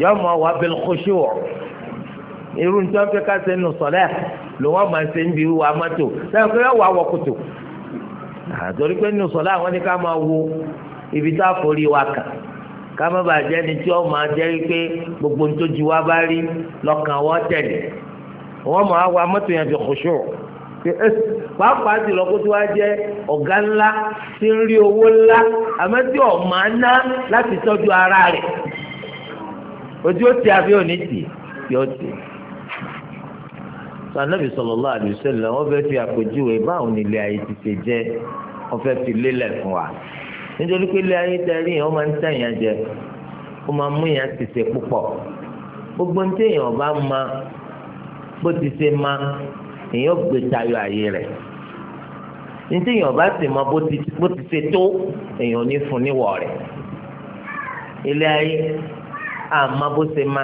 yọ mọ wà bẹ́ẹ̀ kóṣù wọ̀ irú nítorí wọn fẹ́ ká ṣe nù sọ̀lẹ́ ló wọ́n máa ṣe ń bi wà mọ́tò sẹ́mi fẹ́ wà wọ kòtò àtòrí pé nù sọ̀lẹ́ àwọn ni ká máa wo ibi tá a forí wa kàn kámá bàjẹ́ ni tí wọ́n máa jẹ́ pé gbogbo ní tó ju wá bá rí lọ́kàn wọ́n tẹ̀lé wọ́n máa wá mọ́tò yẹn fi kòṣó pàápàá ti lọ kó tó wá jẹ́ ọ̀gá ńlá tí ń rí owó ńlá àmọ́ tí ọ̀ máa ná láti tọ́jú ara rẹ̀ ojú ó ti àbí òní tì yóò tì sọ anabi sallallahu alaihi wasallam wọ́n fẹ́ẹ́ fi àpèjúwe báwọn ilé ayé ti ṣe jẹ́ wọ́n fẹ́ẹ́ fi lélẹ̀ fún wa nítorí pé ilé ayé darí yẹn ó máa ń tẹ̀yàn jẹ ó máa mú yẹn ṣiṣẹ́ púpọ̀ gbogbo ní téèyàn ọba ma bó ti ṣe ma èèyàn gbé tayọ àyè rẹ̀ ní téèyàn ọba sì ma bó ti ṣe tó èèyàn ní fún níwọ̀ rẹ̀ ilé ayé àmà bó ṣe ma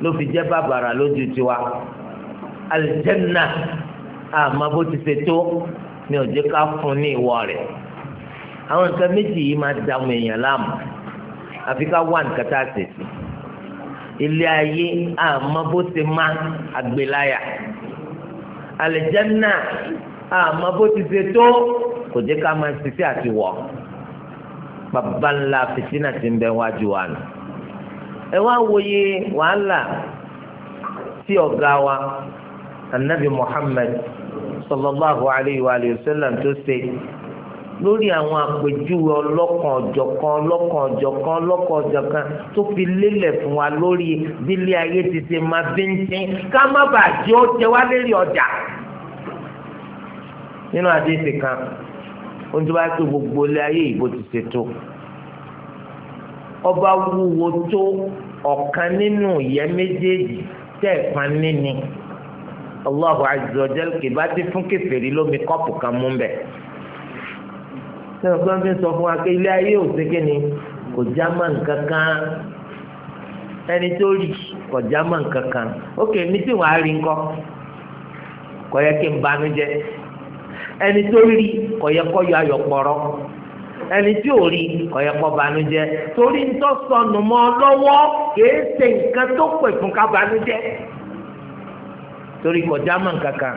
ló fi jẹ́ bàbàrà lójú tiwa alìjẹ́nà àmà bó ti ṣe tó ni ó jẹ́ ká fún ní ìwọ̀ rẹ̀ àwọn nǹkan méjì yìí máa da àwọn èèyàn láàmú àfi ká wà nǹkan tá a ṣe sí ilé ayé àmọ́ bó ti má àgbéláyà àlìjánnà àmọ́ bó ti ṣe tó kò jẹ́ ká máa ṣiṣẹ́ àti wọ̀ bàbá ńlá fìtínà ti ń bẹ wájú wa nù ẹ wá wòye wàhálà tí ọ̀gá wa anabi muhammed sallallahu alayhi wa sallam tó ṣe lórí àwọn àpèjúwe ọlọ́kan ọ̀jọ̀kan ọlọ́kan ọ̀jọ̀kan ọlọ́kan ọ̀jọ̀kan tó fi lélẹ̀ fún wa lórí bílé ayé ti ṣe máa bíntín ká má bàa jẹ́ ó jẹ wá lérí ọjà. nínú àdéhùn kan ohun tó bá tó gbogbo ilé ayé ìbò ti ṣètò ọba wúwo tó ọ̀kan nínú ìyẹ́ méjèèjì tẹ́ ẹ̀ pan níní Allahu azza wa jal kì bá ti fún kèfèrí lómi kọ́pù kan mú bẹ́ẹ̀. sẹ́wọ̀n pé wọ́n fi ń sọ fún wa pé ilé ayé kò kan ẹni tó rí kò kan ok mi tí wàá rí nkọ kò yẹ kí n jẹ ẹni tó rí yọ ẹni tí ò rí kò yẹ kó jẹ torí sọnù mọ́ lọ́wọ́ kìí ṣe nǹkan tó pè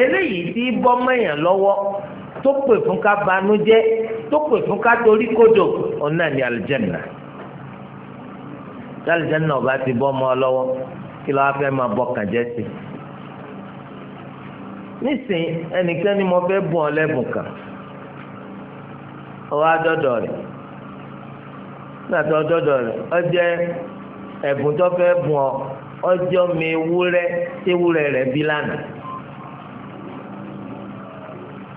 eléyìí bọ́ mẹ́yàn lọ́wọ́ tó pè fún ká banújẹ́ tó pè fún ká torí kodò òun náà ní alìjẹnà tí alìjẹnà ọba ti bọ́ ọmọ lọ́wọ́ kí lọ́wọ́ fẹ́ máa bọ kànjẹ́ sí nísìnyí ẹnikẹ́ni mo fẹ́ bùn ọ lẹ́bùn kan ọwọ́ adọ́dọ̀ rẹ̀ nígbà tó dọ́dọ̀ rẹ̀ ọjẹ́ ẹ̀bùn tó fẹ́ bùn ọ ọjọ́ mi wúrẹ́ tí wúrẹ́ rẹ̀ bí lánàá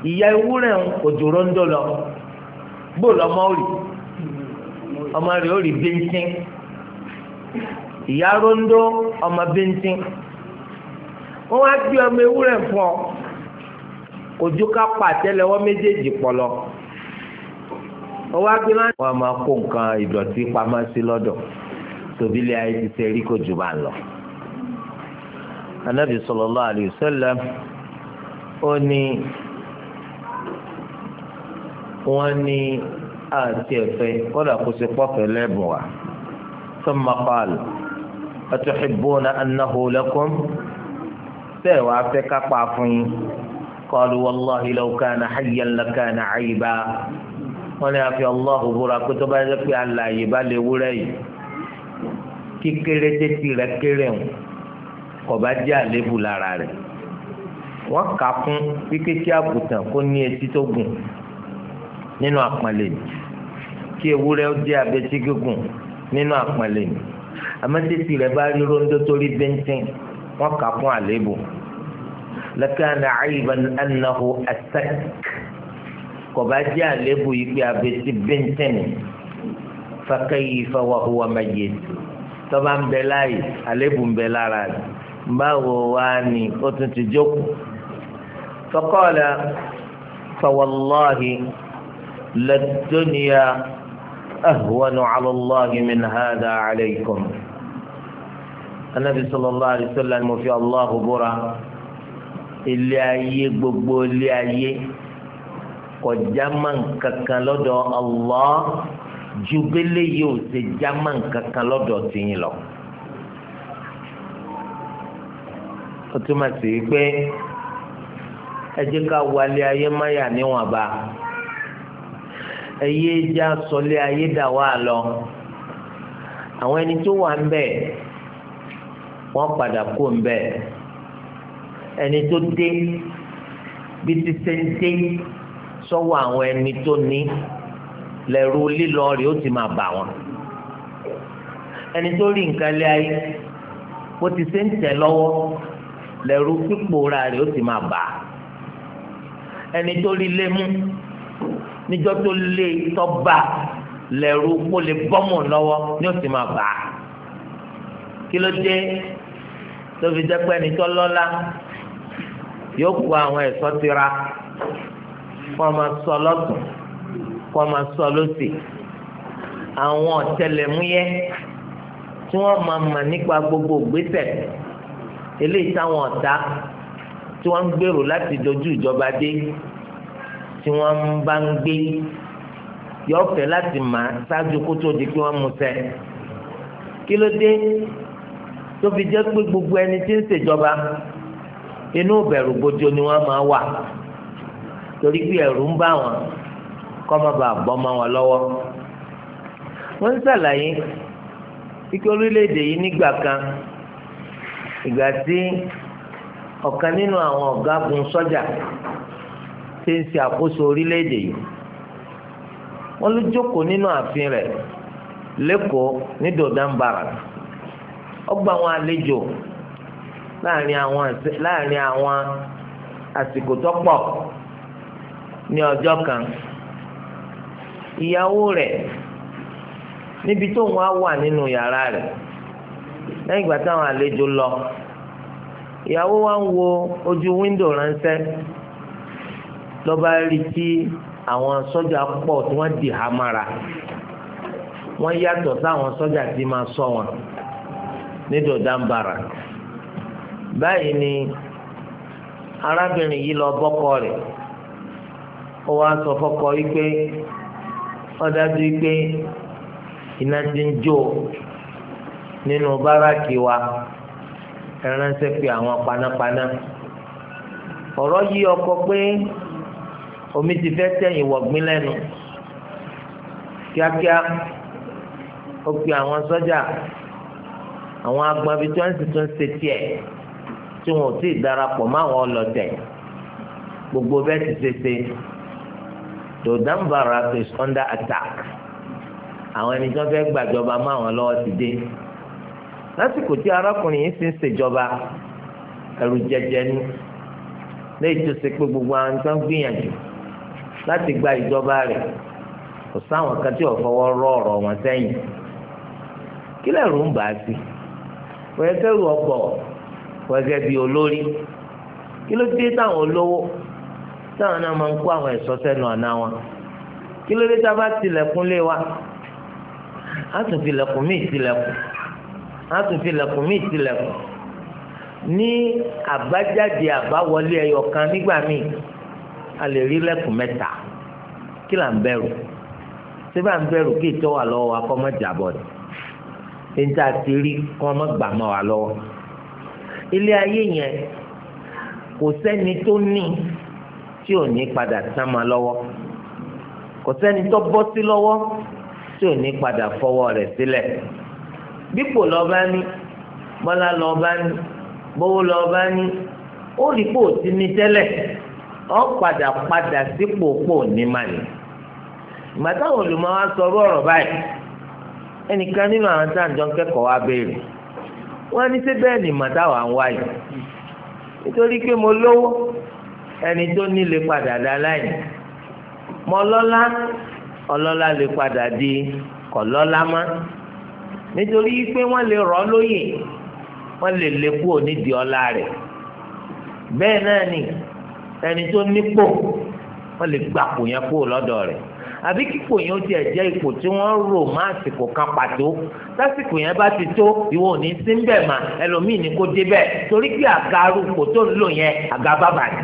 ìyá ewúrẹ́ ń òjòrò ń dò lọ bó lọmọ ò rí ọmọ rẹ̀ ó rí bíntín ìyá rondo ọmọ bíntín wọ́n wá gbé ọmọ ewúrẹ́ fún ọ ojú ká pàtẹ́lẹwọ́ méjèèjì pọ̀ wọ́n wá gbé láti. wọ́n á máa kó nǹkan ìdọ̀tí pamọ́ sí lọ́dọ̀ tòbílẹ̀ ayé ti ṣe rí kò bá ń lọ. anabi sallallahu alaihi wasallam ó ní wọ́n ní àti ẹ̀fẹ́ kọ́dà kó ṣe pọ́fẹ́ lẹ́bùn wa thumma qala atuhibbuna annahu lakum bẹ́ẹ̀ wá fẹ́ ká pa fún yín qalu wallahi law kana hayyan lakana ayba wọ́n ní àfi Allahu búra pé tó bá yẹ pé alààyè bá lè wúrẹ́ yìí kíkéré tètè rẹ̀ kéré ń kò bá jẹ́ àléébù lára rẹ̀ wọ́n kà á kún kíkékí kó ní etí tó gùn nínú àpọ̀nlé ni kí ewúrẹ́ ó jẹ́ abẹ́tí gígùn nínú àpọ̀nlé ni amẹ́tẹ́tì rẹ̀ bá rí rondó torí bẹ́ńtín wọ́n kà fún àléébù lẹ́kàn àyíban ẹnìnàhó ẹsẹ̀ kọ̀bá jẹ́ àléébù yìí pé abẹ́tí bẹ́ńtín fakayfa wa huwa mayyit tọ́ba ń bẹ láàyè àléébù ń bẹ lára rẹ̀ báwo wá ni ó tún ti jókòó faqala fawallahi. للدنيا أهون على الله من هذا عليكم النبي صلى الله عليه وسلم في الله برا ilé ayé gbogbo ilé ayé kò jámà kankan lọ́dọ̀ Allah ju gbélé yìí ò ṣe jámà kankan lọ́dọ̀ tìyìn lọ. ó túmọ̀ sí pé ẹ jẹ́ ká wálé ayé máyà níwọ̀nba ẹyẹ já sọlé ayé dà wá lọ àwọn ẹni tó wà ń bẹ wọn padà kó ń bẹ ẹni tó dé bí ti ṣe ń dé sọ́wọ́ àwọn ẹni tó ní lẹ́rú lílọ rẹ̀ ó ti máa bà wọ́n ẹni tó rí nǹkan lé ayé bó ti ṣe ń tẹ̀ lọ́wọ́ lẹ́rú pípòórá rẹ̀ ó ti máa bà ẹni tó rí lé mú níjọ́ tó lé tọ́ba lẹ́rú kó lè bọ́mù lọ́wọ́ ní ó sì máa bà á kí ló dé tó fi jẹ́ pé yóò kó àwọn ẹ̀ṣọ́ tira kó máa sọ lọ́tún kó máa sọ lọ́sì àwọn ọ̀tẹlẹ̀múyẹ́ tí wọ́n máa mọ̀ nípa gbogbo ìgbésẹ̀ eléyìí táwọn ọ̀tá tí wọ́n ń gbèrò láti dojú ìjọba dé tí wọ́n bá ń gbé yọ fẹ́ láti mà ṣáájú kó tó di pé wọ́n mú ṣẹ kí ló dé tó fi jẹ́ pé gbogbo ẹni tí ń ṣèjọba inú bẹ̀rù gbojo ni wọ́n máa wà torí pé ẹ̀rù ń bá wọn kọ́ má bàa bọ́ mọ́ wọn lọ́wọ́ wọ́n ń ṣàlàyé ike orílẹ̀-èdè yìí nígbà kan ìgbà tí ọ̀kan nínú àwọn ọ̀gágun sọ́jà ṣe ń ṣe àkóso orílẹ̀-èdè yìí wọ́n ló jókòó nínú ààfin rẹ̀ lẹ́kọ̀ọ́ ní dodambara gba àwọn àlejò láàrin àwọn àsìkò tó kan ìyàwó rẹ̀ níbi tó ń wá wà nínú yàrá rẹ̀ lẹ́yìn ìgbà táwọn àlejò lọ ìyàwó wa ń wo ojú wíńdò ránṣẹ́ lọ́ba rí tí àwọn sọ́jà pọ̀ tí wọ́n di ha mára wọ́n yàtọ̀ sáwọn sọ́jà tí máa sọ wọn nídòdàmbàrà báyìí ni arábìnrin yìí lọ bọ́kọ rẹ̀ ó wá sọ fọ́kọ wípé ọdájú wípé iná ti ń jó nínú báràkì wa ẹ̀ránṣẹ́ pé àwọn panápaná ọ̀rọ̀ yí ọkọ pé omi ti fẹ́ tẹ̀yìn wọ̀gbìn lẹ́nu kíákíá ó pe àwọn sọ́jà àwọn agbanbi tó ń sitún ṣe tiẹ̀ tí wọn ò darapọ̀ mọ́ àwọn ọlọ́tẹ̀ gbogbo bẹ́ẹ̀ ti ṣe ṣe dodambara is under attack àwọn ẹni tó fẹ́ gbàjọba mọ́ àwọn lọ́wọ́ ti dé lásìkò tí arákùnrin yìí ti ń ṣèjọba ẹ̀rù jẹjẹ ni léyìí tó ṣe pé gbogbo àwọn tó ń gbìyànjú láti gba ìjọba rẹ̀ kò sáwọn kan tí ò fọwọ́ rọ ọ̀rọ̀ wọn sẹ́yìn kí lẹ́rù ń bà á sí wọ́n kẹ́rù ọ̀pọ̀ wọ́n gẹ́ bí olórí kí ló dé táwọn olówó táwọn náà máa ń kó àwọn ẹ̀ṣọ́ sẹ́nu àná wọn kí ló dé tá a bá tilẹ̀kùn lé wa á tún tilẹ̀kùn míì tilẹ̀kùn á tún tilẹ̀kùn míì tilẹ̀kùn ní àbájáde àbáwọlé ẹyọ kan nígbà míì a lè rí lẹ́kùn mẹ́ta kí là ń bẹ̀rù ṣé bá ń bẹ̀rù kí ìtọ́ wà lọ́wọ́ wa ni níta ti rí kọ́ mọ́ gbà mọ́ wa lọ́wọ́ ilé ayé yẹn kò sẹ́ni tó ní tí ò ní padà tán ma lọ́wọ́ kò sẹ́ni tó bọ́ sí lọ́wọ́ tí ò ní padà fọwọ́ rẹ̀ sílẹ̀ dípò lọ́ba ní bọ́lá lọ́ba ní bówó lọ́ba ní ó rí kó o ní tẹ́lẹ̀ ọ padà padà sípò pò ní màní ìgbà táwọn olùmọ̀ wa sọ ọ̀rọ̀ báyìí ẹnìkan nínú àwọn tá à ń jọ kẹ́kọ̀ọ́ wa béèrè wọ́n ní sí bẹ́ẹ̀ ni màtáwà ń wáyé nítorí pé mo lówó ẹni tó ní lè padà dá láyìn mo lọ́lá ọlọ́lá lè padà di kọ̀lọ́lá mọ́ nítorí pé wọ́n lè rọ́ lóyè wọ́n lè lè kú òní di ọlá rẹ̀ bẹ́ẹ̀ náà ni ẹni tó nípò wọ́n lè gba ipò yẹn kúrò lọ́dọ̀ rẹ̀ àbí kíkò yẹn ó tiẹ̀ jẹ́ ipò tí wọ́n rò má àsìkò kan pàtó lásìkò yẹn bá ti tó ìwọ ò ní sí ń mà ẹlòmíì ni kò débẹ̀ torí pé àga arúgbó tó ń lò yẹn àga bábà ni.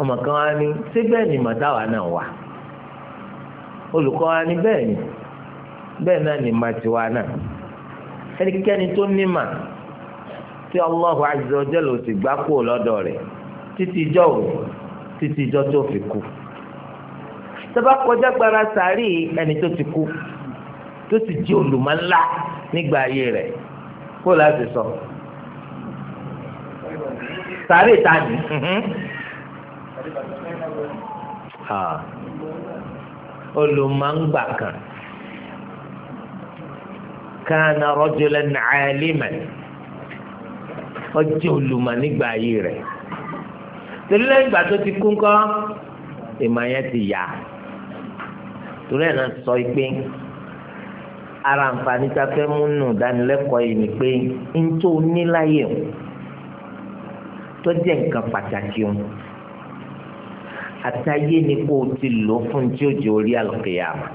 ọmọ kan wá ní ṣé bẹ́ẹ̀ ni màdáwà náà wà olùkọ́ wá ní bẹ́ẹ̀ ni bẹ́ẹ̀ náà ni màtíwá náà ẹnikẹ́ni tó ní mà tí Allahu azza wa jalla ti gbá kúrò lọ́dọ̀ rẹ̀ títí ijọ́ òru títí ijọ́ tó fi kú. tọ́ba kọjá gbára sàárì ẹni tó ti kú tó ti di olùmọ̀lá nígbà ayé rẹ̀ kó láti sọ. sàárì ta ni. Mhm. olùmọ̀ngbà kan kana rajulan ọjọ́ olùmọ̀ nígbà ayé rẹ̀ torí lẹ́yìn ìgbà tó ti kú ńkọ́ ìmọ̀ yẹn ti yà torí ẹ̀ náà sọ pé ara àǹfààní tá a fẹ́ mú nù dánilẹ́kọ̀ọ́ yìí ni pé ń tó níláyè o tó jẹ́ nǹkan pàtàkì o àtàyé ni kó o ti lò fún tí ó jẹ́ orí àlùkìyàmà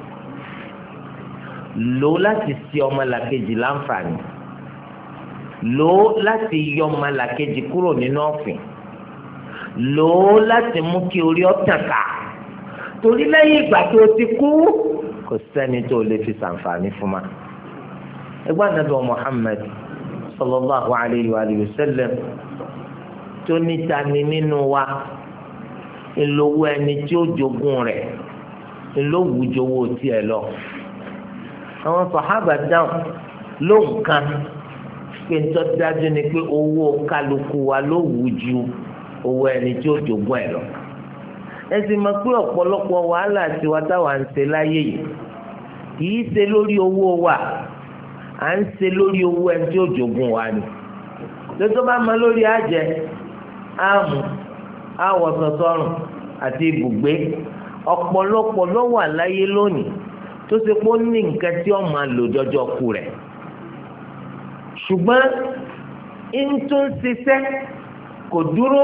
lò láti ṣe ọmọlàkejì láǹfààní. La lò ó láti yọ ọmọlàkejì kúrò nínú ọ̀fìn lò ó láti mú kí orí ọ̀tàn ká torí lẹ́yìn ìgbà tó o ti kú kò sẹ́ni tó o lè fi ṣàǹfààní fún ma. ẹgbẹ́ ànábì Muhammad sallallahu alayhi wa sallam tó níta ni nínú wa ìlówó ẹni tí ó jogún rẹ̀ ìlówó jowó tiẹ̀ lọ. àwọn sàhábà dáhùn lóǹkan. pé ń tọ́ dájú ni pé owó kálukú wa ló wù ju owó ẹni tí ó jogún ẹ̀ lọ. ẹ sì ala pé ọ̀pọ̀lọpọ̀ wàhálà tiwa táwa ń ṣe láyé yìí ṣe lórí owó wa à ń ṣe lórí owó ẹni wa ni. tó bá mọ lórí àjẹ àmù àwọ̀sọ̀sọ̀rùn àti ibùgbé ọ̀pọ̀lọpọ̀ ló wà lónìí tó ṣe pé ó ní nǹkan tí ó máa lò ṣùgbọ́n ntó ń ṣiṣẹ́ kò dúró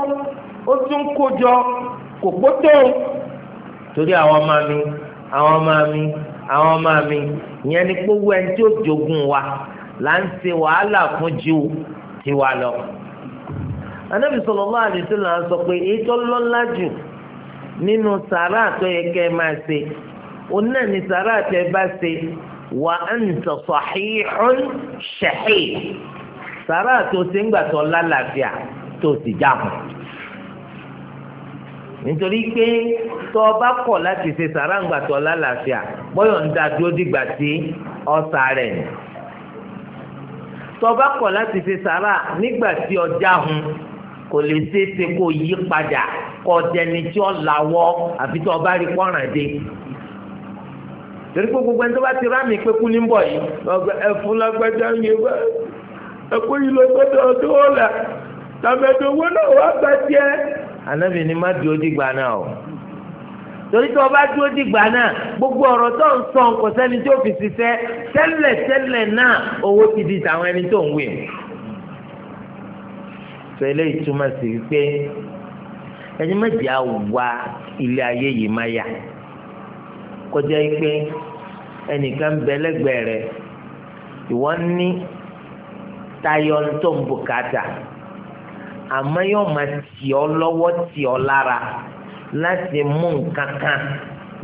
ó tún kó jọ kò gbótó torí àwọn ọmọ mi àwọn ọmọ mi àwọn ọmọ mi ìyẹn ni pé owó ẹni tí ó jogun wa là ń ṣe wàhálà fún ju tiwa lọ. anábì sallallahu alaihi wasallam sọ pé èyí tó jù nínú sàrà tó máa ṣe òun náà ni sàrà tẹ́ bá ṣe wà á ń sọ̀sọ̀ ṣàhíhùn ṣẹ̀hí sàrà tó ti ń gbà tó lálàáfíà tó sì jáàmù nítorí pé tó o bá kọ̀ láti ṣe sàrà ń gbà tó lálàáfíà bọ́yọ̀ ń da dúró dìgbà tí ọ̀sà rẹ̀ ni tó o bá kọ̀ láti ṣe sàrà nígbà tí ọjà hun kò lè ṣeé ṣe kó yí padà kọ́ ọ̀dẹni tí ó lawọ́ àfi tó o bá rí pọ́nrán dé torí pé gbogbo ẹni tó bá ti rámì pé kú ní bọ̀ yìí ẹ̀fún lágbájá ń yé wá ẹ̀kú yìí ló gbọ́dọ̀ ọdún ọ̀la tàbẹ̀dẹ̀ owó náà wá gbà jẹ́. ànábì ni má dúró dìgbà náà o torí tí wọ́n bá dúró dìgbà náà gbogbo ọ̀rọ̀ tó ń sọ kò sẹ́ni tó fi ṣiṣẹ́ tẹ́lẹ̀ tẹ́lẹ̀ náà owó ti di tàwọn ẹni tó ń wè. sọ eléyìí túmọ̀ sí pé ẹni méjì á wá ilé ayé yìí má yà kọjá ikpe ẹnìkan bẹlẹgbẹẹ rẹ ìwọ ní tayọ ntọ́ bùkátà àmọ́ yóò máa tì ọ́ lọ́wọ́ tì ọ́ lára láti mú nǹkan kan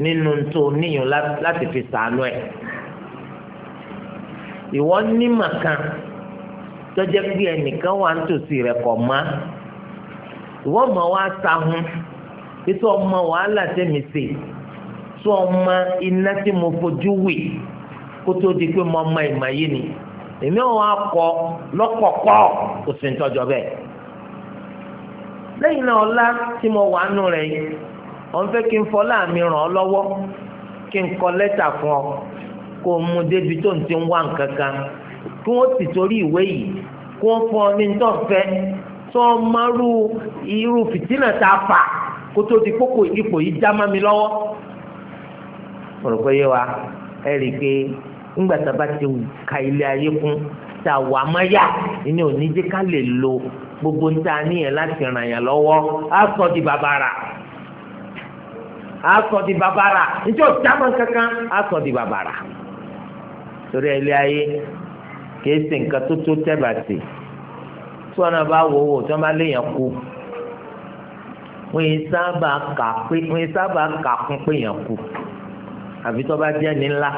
nínú tó níyàn láti fi sànú ẹ̀ ìwọ nímọ̀ kan tó pé ẹnìkan wà nítòsí rẹ̀ kọ̀ mọ́ ìwọ mọ̀ wá sáhùn títí ọmọ wàhálà tẹ̀mí sí sọ ọmọ iná tí mo fojú wì kó tó di pé mo ọmọ ìmọ̀ yìí ni èmi ò wá kọ lọ́pọ̀pọ̀ kò sì ń tọ́jọ́ bẹ́ẹ̀ lẹ́yìn náà ọlá tí mo wà nù rẹ̀ yìí wọ́n fẹ́ kí n fọlá mi ràn ọ́ lọ́wọ́ kí n kọ lẹ́tà fún ọ kó o mú débi tó ń ti ń wá nǹkan kan kí wọ́n sì torí ìwé yìí kí wọ́n fún ọ ní ntọ́fẹ́ tó ń márú irú fìtínà tá a fà kó tó di kókò ipò yìí já má mi lọ́wọ́ ọ̀rọ̀ pé yé wa ẹ rí i pé ńgbà a bá ti ka ilé ayé kún tá a wà má yá ìní òní ká lè lo gbogbo ń tá a níyẹn láti ràn yàn lọ́wọ́ á sọ di babara á sọ di bàbàrà níjọ́ jámọ́ kankan á sọ di babara torí ilé ayé kìí ṣe nǹkan tó tó tẹ́bà sí tí wọn bá wò wò tí wọn bá léèyàn kú wọn yìí sábà kà kún péyàn kú àfi tó bá jẹ́ ní ńlá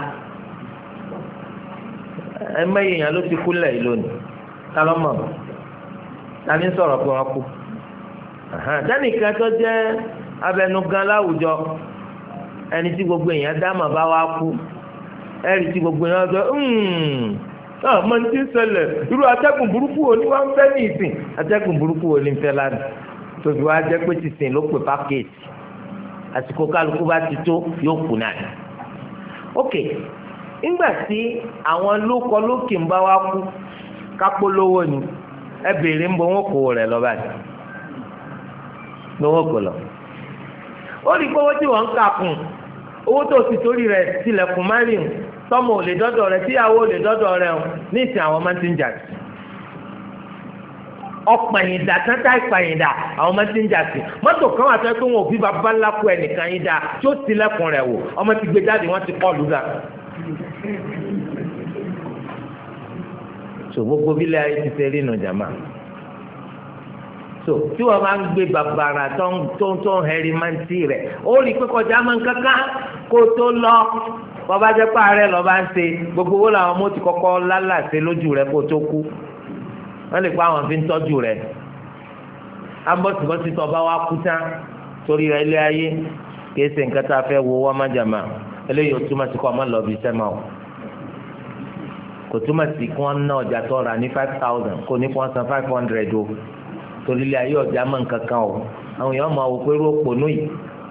ẹ mẹ́yìn èèyàn ló ti kú lẹ̀ yìí lónìí ta ló mọ̀ ta ní sọ̀rọ̀ pé wọ́n kú dánìkan tó jẹ́ abẹnugan láwùjọ ẹni tí gbogbo èèyàn dáàmà bá wá kú ẹni tí gbogbo èèyàn sọ ọmọ ní ti ṣẹlẹ̀ irú atẹ́gùn burúkú wo ni wọ́n ń fẹ́ ní ìsìn atẹ́gùn burúkú wo ni ń fẹ́ lánàá tòbí wá jẹ́ pé tìsìn ló pè pákéètì àsìkò kálukú bá ti tó yóò kú náà ok ńgbà tí àwọn lókọ lókè ń bá wa kú kápólówó ni ẹ béèrè ń bọ wọn kò rẹ lọ báyìí lọ́wọ́ kò lọ ó rí pé owó tí wọ́n ń kà kùn owó tó ti torí rẹ̀ tilẹ̀kùn márùn-ún tọ́mọ ò lè dọ́dọ̀ rẹ̀ tíyàwó ò lè dọ́dọ̀ rẹ̀ ní ìsìn àwọn máa ti ń jà sí i ọ̀pàyìndà tẹ́tà ìpàyìndà àwọn ọmọ ti ń jà sí mọ́tò kan àti ẹgbẹ́ wọn òbí bàbá ńlá kú ẹnìkan yín dá tí ó ti lẹ́kùn rẹ̀ wò ọmọ ti gbé jáde wọ́n ti kọ́ lùdà. so gbogbo bílẹ̀ ayé ti ṣe rí nù jàmá so tí wọn bá ń gbé bàbàrà tó ń tó ń tó ń hẹrí máa ń tì rẹ ó rí i pé kọjá máa ń kankan kó tó lọ bàbá jẹ́ pààrẹ lọ́ba ń ṣe gbogbo owó làwọn mọ́tò kọ́kọ́ lálàṣẹ lójú rẹ kó tó kú wọ́n lè pa àwọn fi ń tọ́jú rẹ̀ abọ́sibọ́sí tó bá wa kú tán torí rẹ̀ ilé ayé kìí ṣe nǹkan tá a fẹ́ wo wọ́n má jàmá eléyìí ó túmọ̀ sí kó ọmọ lọ́ọ́ bí sẹ́mà o kò túmọ̀ sí kí wọ́n ná ọjà tó rà ní five thousand kò ní kí wọ́n san five hundred o torí ilé ayé ọjà mọ̀ nǹkan kan o àwọn èèyàn máa wò pé irú òpònú yìí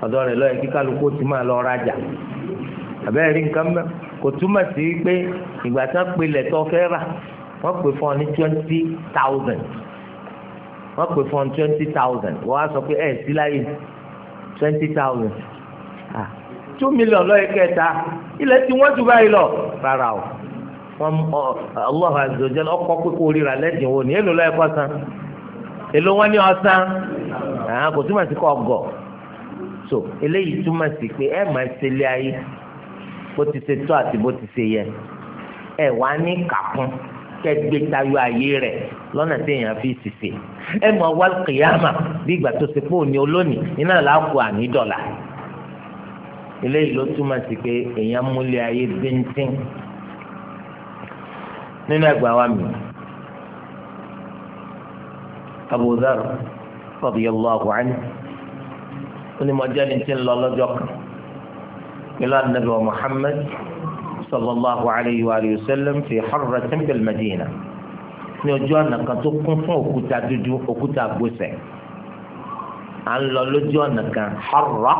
ọ̀dọ́ rẹ̀ lọ́yẹ̀ kí kálukú ti máa lọ rajà àbẹ́rẹ́ rí nǹkan mọ́ kò túmọ̀ sí pé ìgbà tán pilẹ̀ tó fẹ́ rà wọ́n pè fún ọ ní twenty thousand wọ́n pè fún ọ ní twenty thousand wọ́n á sọ pé ẹ̀ sí láyé twenty thousand two million lọ́yẹ̀ kẹta ilẹ̀ tí wọ́n jù báyìí lọ rárá o wọ́n Allah azza wa jalla ọkọ̀ pé kó ríra lẹ́dínwó ni èlò lọ́yẹ̀ kọ́ san èlò wọn ní ọ̀sán kò túmọ̀ sí kọ́ ọgọ̀ so eléyìí túmọ̀ sí pé ẹ̀ máa ṣe ilé ayé bó ti ṣe tó àti bó ti ṣe yẹ ẹ̀ wá ní kàkún kẹgbẹ tayọ ààyè rẹ lọ́nà tí èèyàn fi ṣiṣẹ́ ẹ mọ wá kìyàmà bí ìgbà tó ṣe pé òní olónìí iná làákù àní dọ̀là eléyìí ló túmọ̀ sí pé èèyàn múlẹ̀ ayé bíntín nínú ẹgbàá wa mi Abu Dharr radiyallahu anhu onímọ̀jẹ́ni ti ń lọ lọ́jọ́ kan pẹ̀lú anabi wa Muhammad. صلى الله عليه وآله وسلم في حرة بالمدينة ní ojú ọ̀nà kan tó kún fún òkúta dúdú òkúta gbòsẹ̀ à ń lọ lójú ọ̀nà kan harra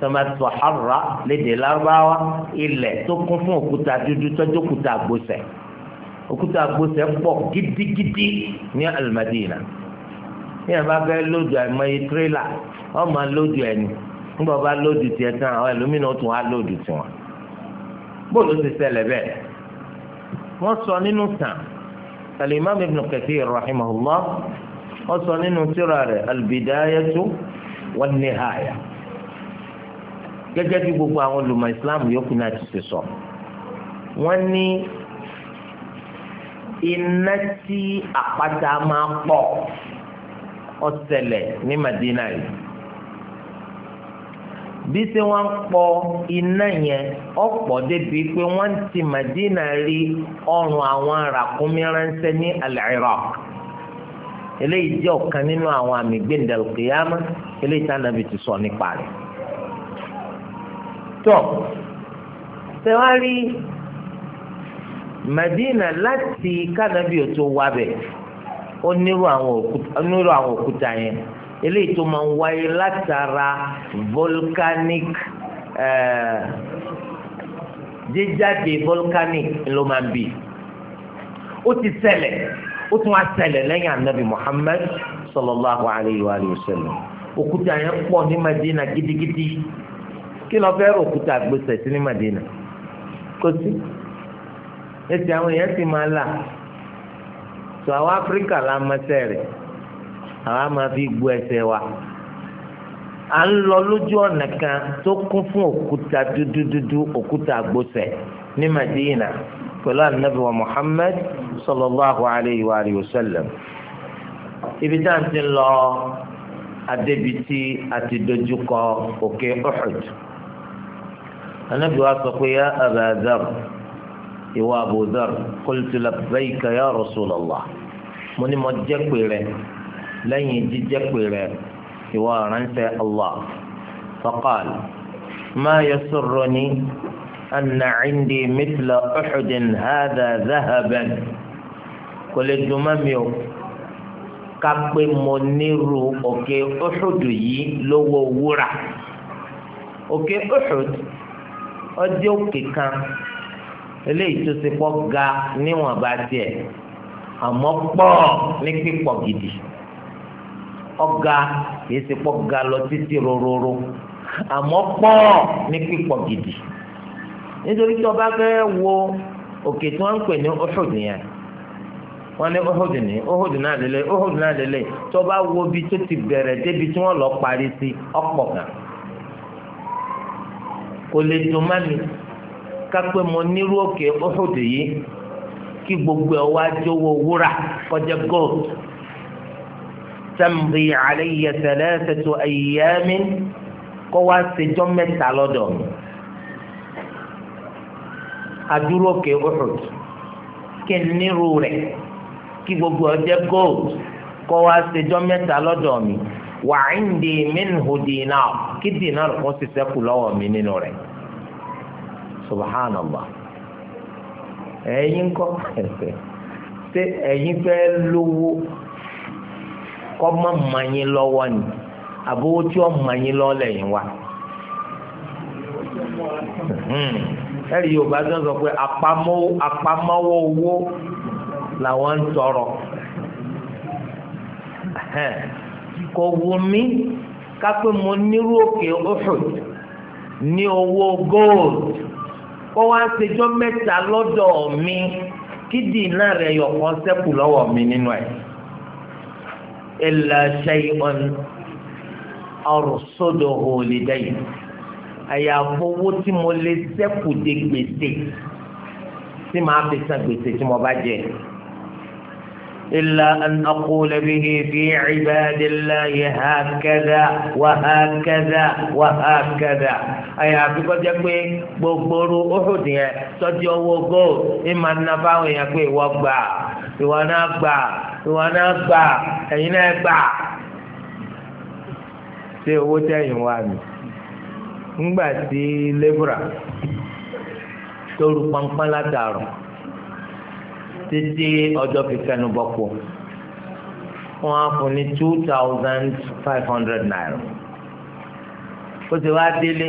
tọ́mátò harra lédè lárúbáwá ilẹ̀ tó kún fún òkúta dúdú tọ́jú òkúta gbòsẹ̀ òkúta gbòsẹ̀ pọ̀ gidigidi ní alimadina ní ẹ̀ bá fẹ́ lójú àìmọye tirẹ́là ọmọ lójú ẹni nígbà bá lójú tiẹ̀ tán àwọn ẹlòmíràn tún á lójú tiwọn bóòlù ti ṣẹlẹ̀ bẹ́ẹ̀ wọ́n sọ nínú tàn Al-Imam Ibn Kathir rahimahullah wọ́n sọ nínú tírà rẹ̀ al-Bidayatu wan-Nihaya gẹ́gẹ́ bí gbogbo àwọn olùmọ̀ islam yòókù náà ti sọ wọ́n ní iná tí àpáta máa pọ̀ ó ní madina yìí bí tí wọ́n pọ iná yẹn ọ̀pọ̀ débi pé ti Madina rí ọrùn àwọn ràkúnmí ní iraq eléyìí jẹ́ ọ̀kan nínú àwọn àmì gbẹ̀ndẹ̀lù kìyàmá eléyìí tá nàbì ti sọ nípa tó Madina láti kánàbì ò wá bẹ̀ ó nírú àwọn eléyìí tó máa ń wáyé látara volcanic jíjáde volcanic ló máa ń bì ó ti ṣẹlẹ̀ ó tún á ṣẹlẹ̀ lẹ́yìn anabi Muhammad sallallahu alayhi wa sallam òkúta yẹn pọ̀ ní Madina gidigidi kí lọ fẹ́ òkúta gbèsè sí ní Madina kò sí èsì àwọn èèyàn ti máa là tó àwọn Áfíríkà la mọ́sẹ̀ rẹ̀ àwa máa fi gbó ẹsẹ̀ wa à ń lọ lójú ọ̀nà kan tó kún fún òkúta dúdúdúdú òkúta àgbọ̀sẹ̀ ní Madina pẹ̀lú anabi wa sallallahu alayhi wa sallam ibi tá à ń ti lọ adébítí àti dojúkọ òkè Uhud anabi sọ pé ya Aba ìwà Abu Dhar labbayka ya Rasulallah mo ní mo jẹ́ pé rẹ̀ lẹ́yìn jíjẹ́ pè rẹ̀ ìwọ ránṣẹ́ allah faqal ma yasurruni anna indi mitla uhudin hadha zahaban kò lè dùn mọ́ mi o ká pé mo nírú òkè uhudu yìí lówó wúrà òkè uhud ọjọ́ òkè kan eléyìí tó ti pọ̀ ga níwọ̀n bá tiẹ̀ àmọ́ pọ̀ ní pípọ̀ gidi ọ̀gá kìí ṣe pọ̀ ga lọ títí rororo àmọ́ pọ̀ ní pípọ̀ gidi nítorí tí ọba fẹ́ wo òkè tí wọ́n ń pè ní Uhud nìyẹn wọ́n ní Uhud ní Uhud náà lélẹ̀ Uhud náà lélẹ̀ tí ọba wo bí tó ti bẹ̀rẹ̀ débi tí wọ́n lọ parí sí ọ̀pọ̀ gan kò lè dùn má mi kápẹ́ mo nírú òkè Uhud yìí kí gbogbo ẹ̀ wá jówó wúrà kọjá gold tamdi alayya thalathatu ayyamin kó wá ṣèjọ́ mẹ́ta lọ́dọ̀ mi adúró òkè Uhud kí n nírú rẹ̀ kí gbogbo ọjọ́ gold kó wá ṣèjọ́ mẹ́ta lọ́dọ̀ mi wa indi minhu dinar kí dinar kó sì ṣẹ́kù lọ́wọ́ mi nínú rẹ̀ subhanallah ẹ̀yin kọ́ ẹ̀yin fẹ́ lówó kọ́ mọ́ mọ̀nyín lọ́wọ́ ni àbówó tí ó mọ̀nyín lọ́wọ́ lẹ́yìn wa. Hmm. ẹ̀rí yorùbá tó ń sọ pé àpamọ́wọ́ owó làwọn ń tọrọ kò wù mí kápẹ́ mo nírú òkè Uhud ní owó gold kó wá ṣèjọ́ mẹ́ta lọ́dọ̀ mi kí dìínà rẹ̀ yọ̀kan sẹ́kù lọ́wọ́ mi nínú ẹ̀. إلا شيء أرصده لدي àyàfowó tí mo lè ṣẹ́kù de gbèsè tí màá fi san gbèsè tí mo bá jẹ. إلا أن أقول به في عباد الله هكذا وهكذا وهكذا أي àfikọ́ jẹ́ pé gbogbooru Uhud yẹn tọ́jú owó gold ìmọ̀ nnáfàwọ̀ yẹn pé ìwọ gbà ìwọ náà gbà. ìwọ náà gbà ẹ̀yin náà gbà ṣé owó wá mi ńgbà tí lébùrà tó rú pọnpọ́n titi títí ọjọ́ fi bọ́ pọ̀ wọ́n á fún ní two thousand five hundred naira ó ti wá délé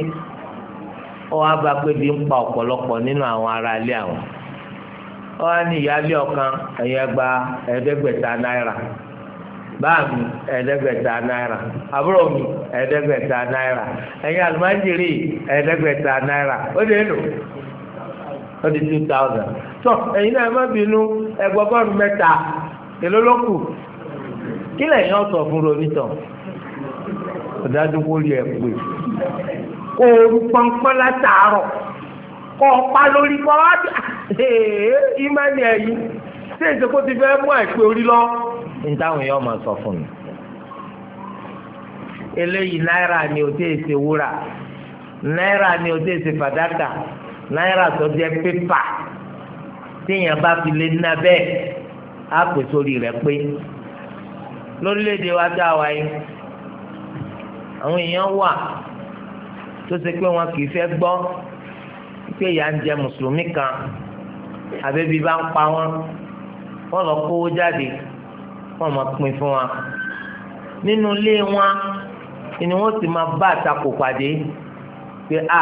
ó wá bá pé bí ń pa ọ̀pọ̀lọpọ̀ nínú àwọn Ọ á ní ọ̀kan ẹ̀yẹ gba ẹ̀ẹ́dẹ́gbẹ̀ta náírà báàmì ẹ̀ẹ́dẹ́gbẹ̀ta náírà àbúrò mi ẹ̀ẹ́dẹ́gbẹ̀ta náírà ẹ̀yin àlùmájírì ẹ̀ẹ́dẹ́gbẹ̀ta náírà ó dé nù ó di two thousand tó n'ụ náà má bínú ẹgbọgọ́rùn mẹ́ta èló ló kù kí lẹ́yìn ọ̀sọ̀ fún ọ̀dájú ẹ̀ pé kó o pọnpọ́n látàárọ̀. kọ́ ọ̀pá lórí kọ́ wá bí ìmọ̀ni ẹ̀yìn ṣé ìṣèkó ti fẹ́ mú àìpé orí lọ. ní táwọn èèyàn máa sọ fún mi eléyìí náírà ni ò tẹ́ ṣe wúrà náírà ni ò tẹ́ ṣe fàdákà náírà tó jẹ́ pépà téèyàn bá fi lé ná bẹ́ẹ̀ á pè sórí rẹ̀ pé lórílẹ̀‐èdè wa dá wa yìí àwọn èèyàn wà tó ṣe pé wọn kì í fẹ́ gbọ́ pé ìyà ń jẹ mùsùlùmí kan àbẹ́bí bá ń pa wọ́n wọ́n lọ o jáde wọ́n máa pín fún wa nínú ilé wọn ni wọ́n sì máa bá àtakò pàdé pé a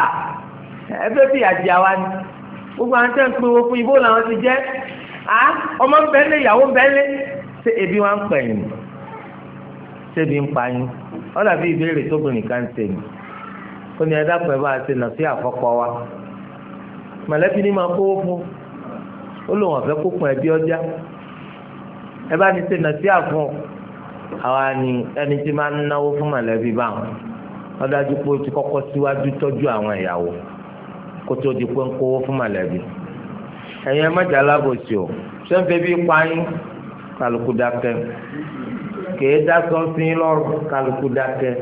ẹgbẹ́ bí àjà wa ni gbogbo àwọn tẹ́ ń pin owó fún ibó làwọn ti jẹ́ a ọmọ ń bẹ́lẹ̀ ìyàwó ń bẹ́lẹ̀ ṣé ebi wa ń pẹ̀yìn ṣébi ń pa yín wọ́n dàbí ìbéèrè tóbi nìkan ń ṣe ni ó ní ẹ dápẹ́ bá a ṣe nà sí àfọ́pọ́ wa mọ̀lẹ́bí ni máa kówó fún ó lòun ọ̀fẹ́ kó pọn ẹbí ọjà ẹ bá ní ṣe nà sí àfún àwa ni ẹni tí máa ń náwó fún mọ̀lẹ́bí báwọn wọ́n dájú pé ó ti kọ́kọ́ síwájú tọ́jú àwọn ìyàwó kó tó di pé ń kówó fún mọ̀lẹ́bí ẹ̀yin ẹ má jà lábòsí o ṣé ń fẹ́ bí pààyàn kálukú dákẹ́ kèé dá sọ́ọ́sì lọ́rùn kálukú dákẹ́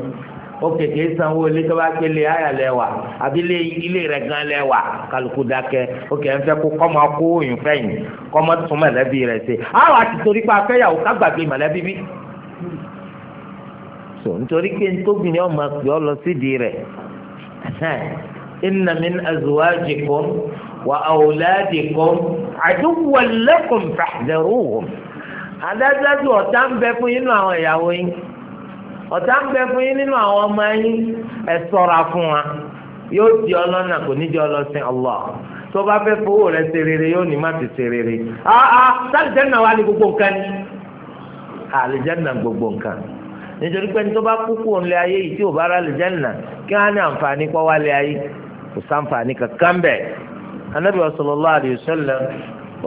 ó kéèké sanwó ilé tó bá pé ilé ayà lẹ́wà àbí ilé ilé rẹ̀ gan lẹ́wà kálukú dákẹ́ ó kẹ́ ń fẹ́ kó kọ́mọ kó òyìn fẹ́yìn kọ́mọ tún mọ̀lẹ́bí rẹ̀ ṣe àwọn àti torí pa afẹ́yàwó ká gbàgbé mọ̀lẹ́bí bí. so nítorí pé ntóbìnrin ọmọ pè ọ lọ sídìí rẹ̀ inna min azwajikum wa awladikum aduwwan lakum fahdharuhum adájọ́ ọ̀tá ń bẹ fún inú àwọn ìyàwó yín ọ̀tá ń bẹ fún yín nínú àwọn ọmọ yín ẹ ṣọ́ra fún wa yóò di ọlọ́nà kò ní di ọlọ́sìn Allah tó bá fẹ́ fowó rẹ ṣe rere yóò ní má ti ṣe rere àà ah, ah, sálìjẹ́nà wa ni gbogbo nǹkan ni àlìjẹ́nà gbogbo nǹkan nítorí pé ní tó bá kúkú òǹlẹ̀ ayé yìí tí ò bá rà àlìjẹ́nà kí wọ́n á ní àǹfààní pọ́ wálé ayé kò sáǹfààní kankan bẹ́ẹ̀ anabi sallallahu alayhi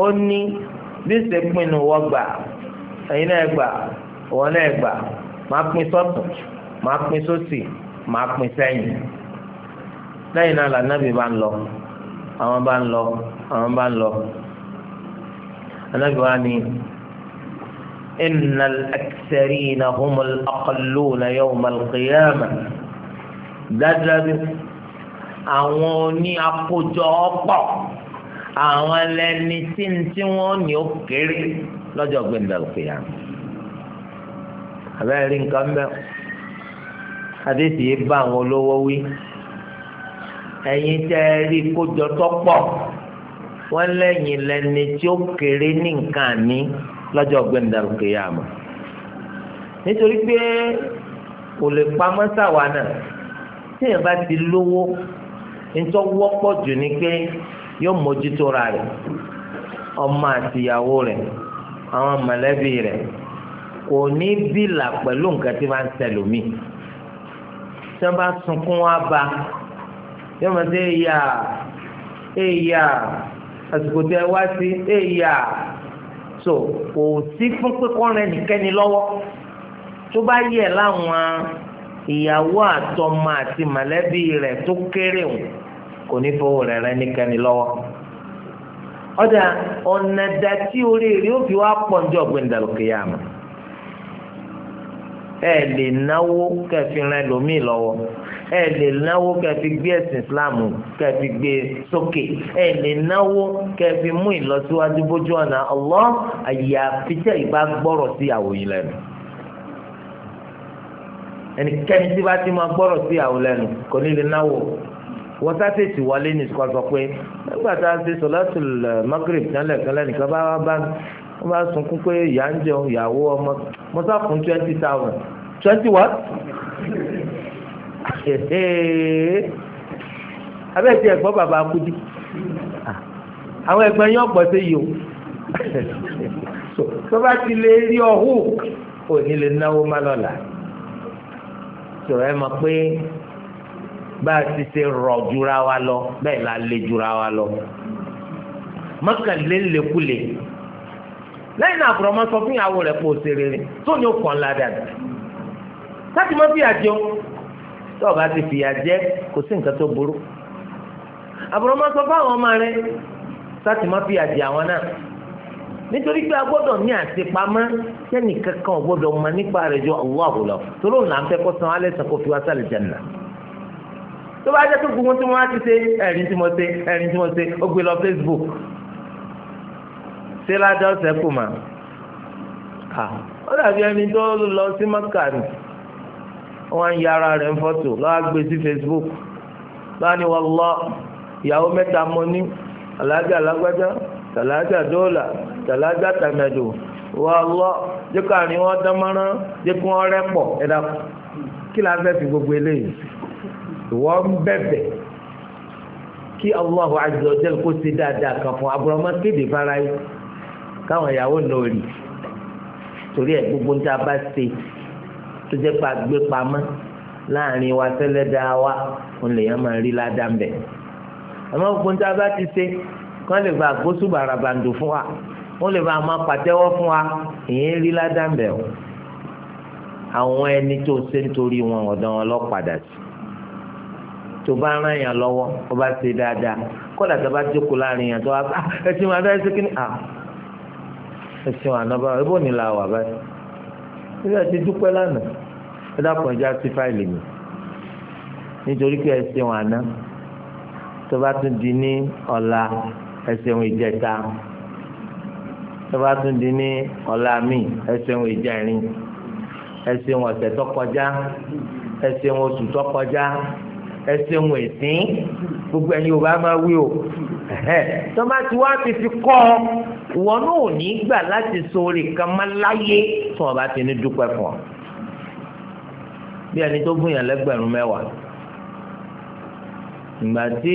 ó ní bí ṣe pinnu wọ́n gbà ẹ̀yin náà gbà òun náà gbà máa pín sọ́tún máa pín sósì máa pín sẹ́yìn lẹ́yìn náà lànàbì bá ń lọ àwọn bá ń lọ àwọn bá ń lọ lànàbì wa ni innal aktharina humul aqalluna yawmal qiyamah dájúdájú àwọn oní àkójọ ọ̀pọ̀ àwọn ẹlẹ́ni tí ń tí wọ́n Abe rí nǹkan bẹ́ẹ̀ àdéhùn yìí bá àwọn olówó wí ẹ̀yin tẹ́ rí kójọ tó pọ̀ wọ́n lẹ́yìn lẹ́ni tí ó kéré ní nǹkan ní lọ́jọ́ gbẹ̀ndàlùkè yà mọ́ nítorí pé kò lè pamọ́ sáwa náà tí èèyàn bá ti lówó nítorí wọ́n jù ni pé yóò mójútó ra rẹ̀ ọmọ àtìyàwó rẹ̀ àwọn kò ní bìlà pẹ̀lú nǹkan tí wọ́n ń sẹlòmí tí wọ́n bá sunkún wá ba yóò máa ṣe èyà èyà àsìkò tí ẹ wá sí èyà so kò sí fún pípọ́nrẹ́ nìkẹ́ni lọ́wọ́ tó bá yẹ láwọn ìyàwó àtọmọ àti mọ̀lẹ́bí rẹ̀ tó kéré o kò ní fowó rẹ̀ rẹ̀ nìkẹ́ni lọ́wọ́ ọ̀dà ọ̀nàdà tí orí ó fi wá pọ̀ ní ọ̀gbìn dàlùkì yá ẹ lè náwó kẹfì ràn lómi lọ́wọ́ ẹ lè náwó kẹfì gbé ẹ̀sìn islam kẹfì gbé sókè ẹ lè náwó kẹfì mú ìlọsíwájú bójú ọ̀nà Allah àyàfi tẹ́ ìbá gbọ́rọ̀ sí àwòyìn lẹ́nu ẹnikẹ́ni tí bá ti máa gbọ́rọ̀ sí àwọn lẹ́nu kò ní lè náwó wọ́n sáté ti wọlé ní ìsúkọ́ sọ pé nígbà tá a ṣe sọ̀látùl Maghrib tẹ́lẹ̀ kan lẹ́nìkan bá wá bá wọ́n bá sunkún pé ìyá ń jẹun ìyàwó ọmọ mo sá fún twenty thousand twenty what? abẹ́ẹ̀ tí ẹ̀gbọ́n bàbá kúdí àwọn ẹ̀gbọ́n yín ọ̀pọ̀ sí yìí o tó bá ti lè rí ọ̀hún ò ní lè náwó má lọ́la sọ̀rọ̀ ẹ mọ̀ pé bá a ti ṣe rọ̀ jura wa lọ bẹ́ẹ̀ la lè jura wa lọ mọ́kànlélẹ́kulè. lẹ́yìn náà àbúrò máa sọ fún ìyàwó rẹ̀ pé òṣèré rẹ̀ tó ní òkàn ńlá láti má fìyà o bá ti fìyà jẹ kò sí nǹkan tó burú àbúrò máa sọ fún àwọn ọmọ rẹ̀ láti má fìyà jẹ àwọn náà nítorí pé a gbọ́dọ̀ ní àṣepamọ́ sẹ́ni kankan gbọ́dọ̀ mọ nípa rẹ̀ ju Allahu lọ torí là ń fẹ́ kó san alẹ́ sàn kó fi wá sálẹ̀ tó bá jẹ́ tó gbogbo tí wọ́n á ti ṣe ẹ̀rín ṣé ládàá ọ̀sẹ̀ kù mà ó dàbí ẹni tó lọ sí mọ́kà ni wọ́n ń ya ara rẹ̀ ń fọ́tò lọ́wọ́ gbé sí Facebook lọ́wọ́ ni wọ́n lọ ìyàwó mẹ́ta mọ ní alájà alágbájá tàlájà dóòlà tàlájà tàmẹ̀dò wọ́n lọ jẹ́ káàrin wọn dán mọ́rán jẹ́ kí wọ́n rẹ́ pọ̀ ẹ̀dá kí la fẹ́ fi gbogbo eléyìí ìwọ ń bẹ̀bẹ̀ kí Allahu azza wa jalla kó ṣe dáadáa kan fún abúlé ọmọ kéde fara yìí káwọn ìyàwó náà torí ẹ gbogbo ń tá a bá ṣe tó jẹ́ pa gbé pamọ́ láàrin wa tẹ́lẹ̀ dá wa òun lèèyàn máa rí ládàá ń bẹ̀ gbogbo ń tá a bá ti ṣe kán lè bá gbósù bàràbàǹdò fún wa wọ́n lè bá máa pàtẹ́wọ́ fún wa èyí rí ládàá ń o àwọn ẹni tó ṣe ń torí wọn ọ̀dọ̀ wọn lọ padà sí tó bá rán yàn lọ́wọ́ ó bá ṣe dáadáa kódà tó bá jókòó láàrin yàn tó wá ah, ẹ ti máa fẹ́ ṣe kí ni ah, ẹsìn ànábà ẹbọ ni la wà báyìí nígbà tí dúpẹ́ lánàá ẹ dákun ẹja sí fáìlì mi nítorí pé ẹsìn àná tó bá tún di ní ọ̀la ẹsìn ìjẹta tó bá tún di ní ọ̀la mi ẹsìn ìjẹrin ẹsìn ọ̀sẹ̀ tó kọjá ẹsìn oṣù tó kọjá ẹsẹ̀ wọn ẹ̀sìn gbogbo ẹ̀yin yorùbá máa wí o tọ́mátì wá ti fi kọ́ ọ wọn náà ò ní gbà láti sóore kan má láyé tí wọn bá ti ní dúpẹ́ fún ọ bí ẹni tó gún yàn lẹ́gbẹ̀rún mẹ́wàá ìgbà tí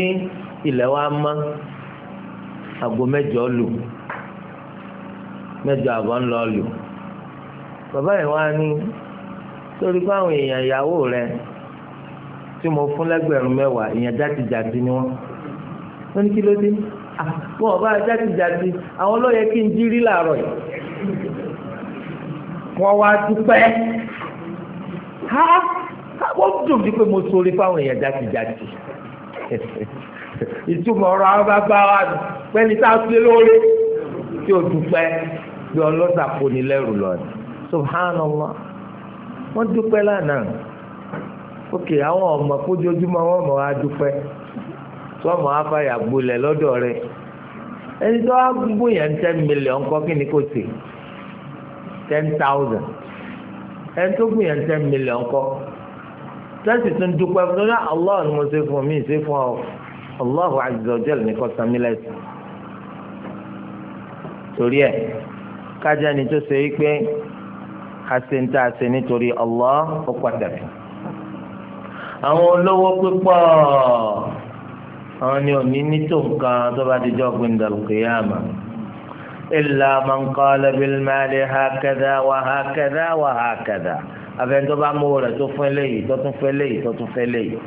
ilẹ̀ wa mọ́ aago mẹ́jọ lù mẹ́jọ àbọ̀ ń lọ lù bàbá yẹn wá ní torí pé àwọn èèyàn ìyàwó rẹ̀ tí mo fún lẹ́gbẹ̀rún mẹ́wàá ìyẹn játijàti ni wọ́n wọ́n ní kí ló dé wọn ọba játijàti àwọn olóyè kí n jí rí làárọ̀ yìí wọ́n wá dúpẹ́ ha wọ́n dùn bí pé mo sori fáwọn èèyàn játijàti ìtumọ̀ ọ̀rọ̀ àwọn bàbá wa pẹ́ni tá a fi lóore tí o dúpẹ́ bí ọlọ́sàkóni lẹ́rù lọ́ni subhanallah wọ́n dúpẹ́ lánàá. òkè àwọn ọmọ kójoojúmọ́ wọn mọ̀ á dúpẹ́ sọmọ afáyà gbolẹ̀ lọ́dọ̀ rẹ̀ ẹni tó wá gbóyàn ten million kọ́ kí ni kò sí ten thousand ẹni tó ya ten million kọ́ tẹ́sí tún dúpẹ́ fún ní Allah ni mo ṣe fún mi ṣe fún ọ Allahu azza wa jalla nìkan sami ni tó ṣe àṣẹ ń tà àṣẹ nítorí Allah àwọn olówó pípọ̀ àwọn ni òní ní tó nǹkan tó bá ti jọ gbẹndàlùkìyàmà illa man qala bil mali hakadha wa hakadha wa hakadha afẹ́ntọ́ bá mú rẹ̀ tó fún eléyìí tó tún fún eléyìí tó tún fún eléyìí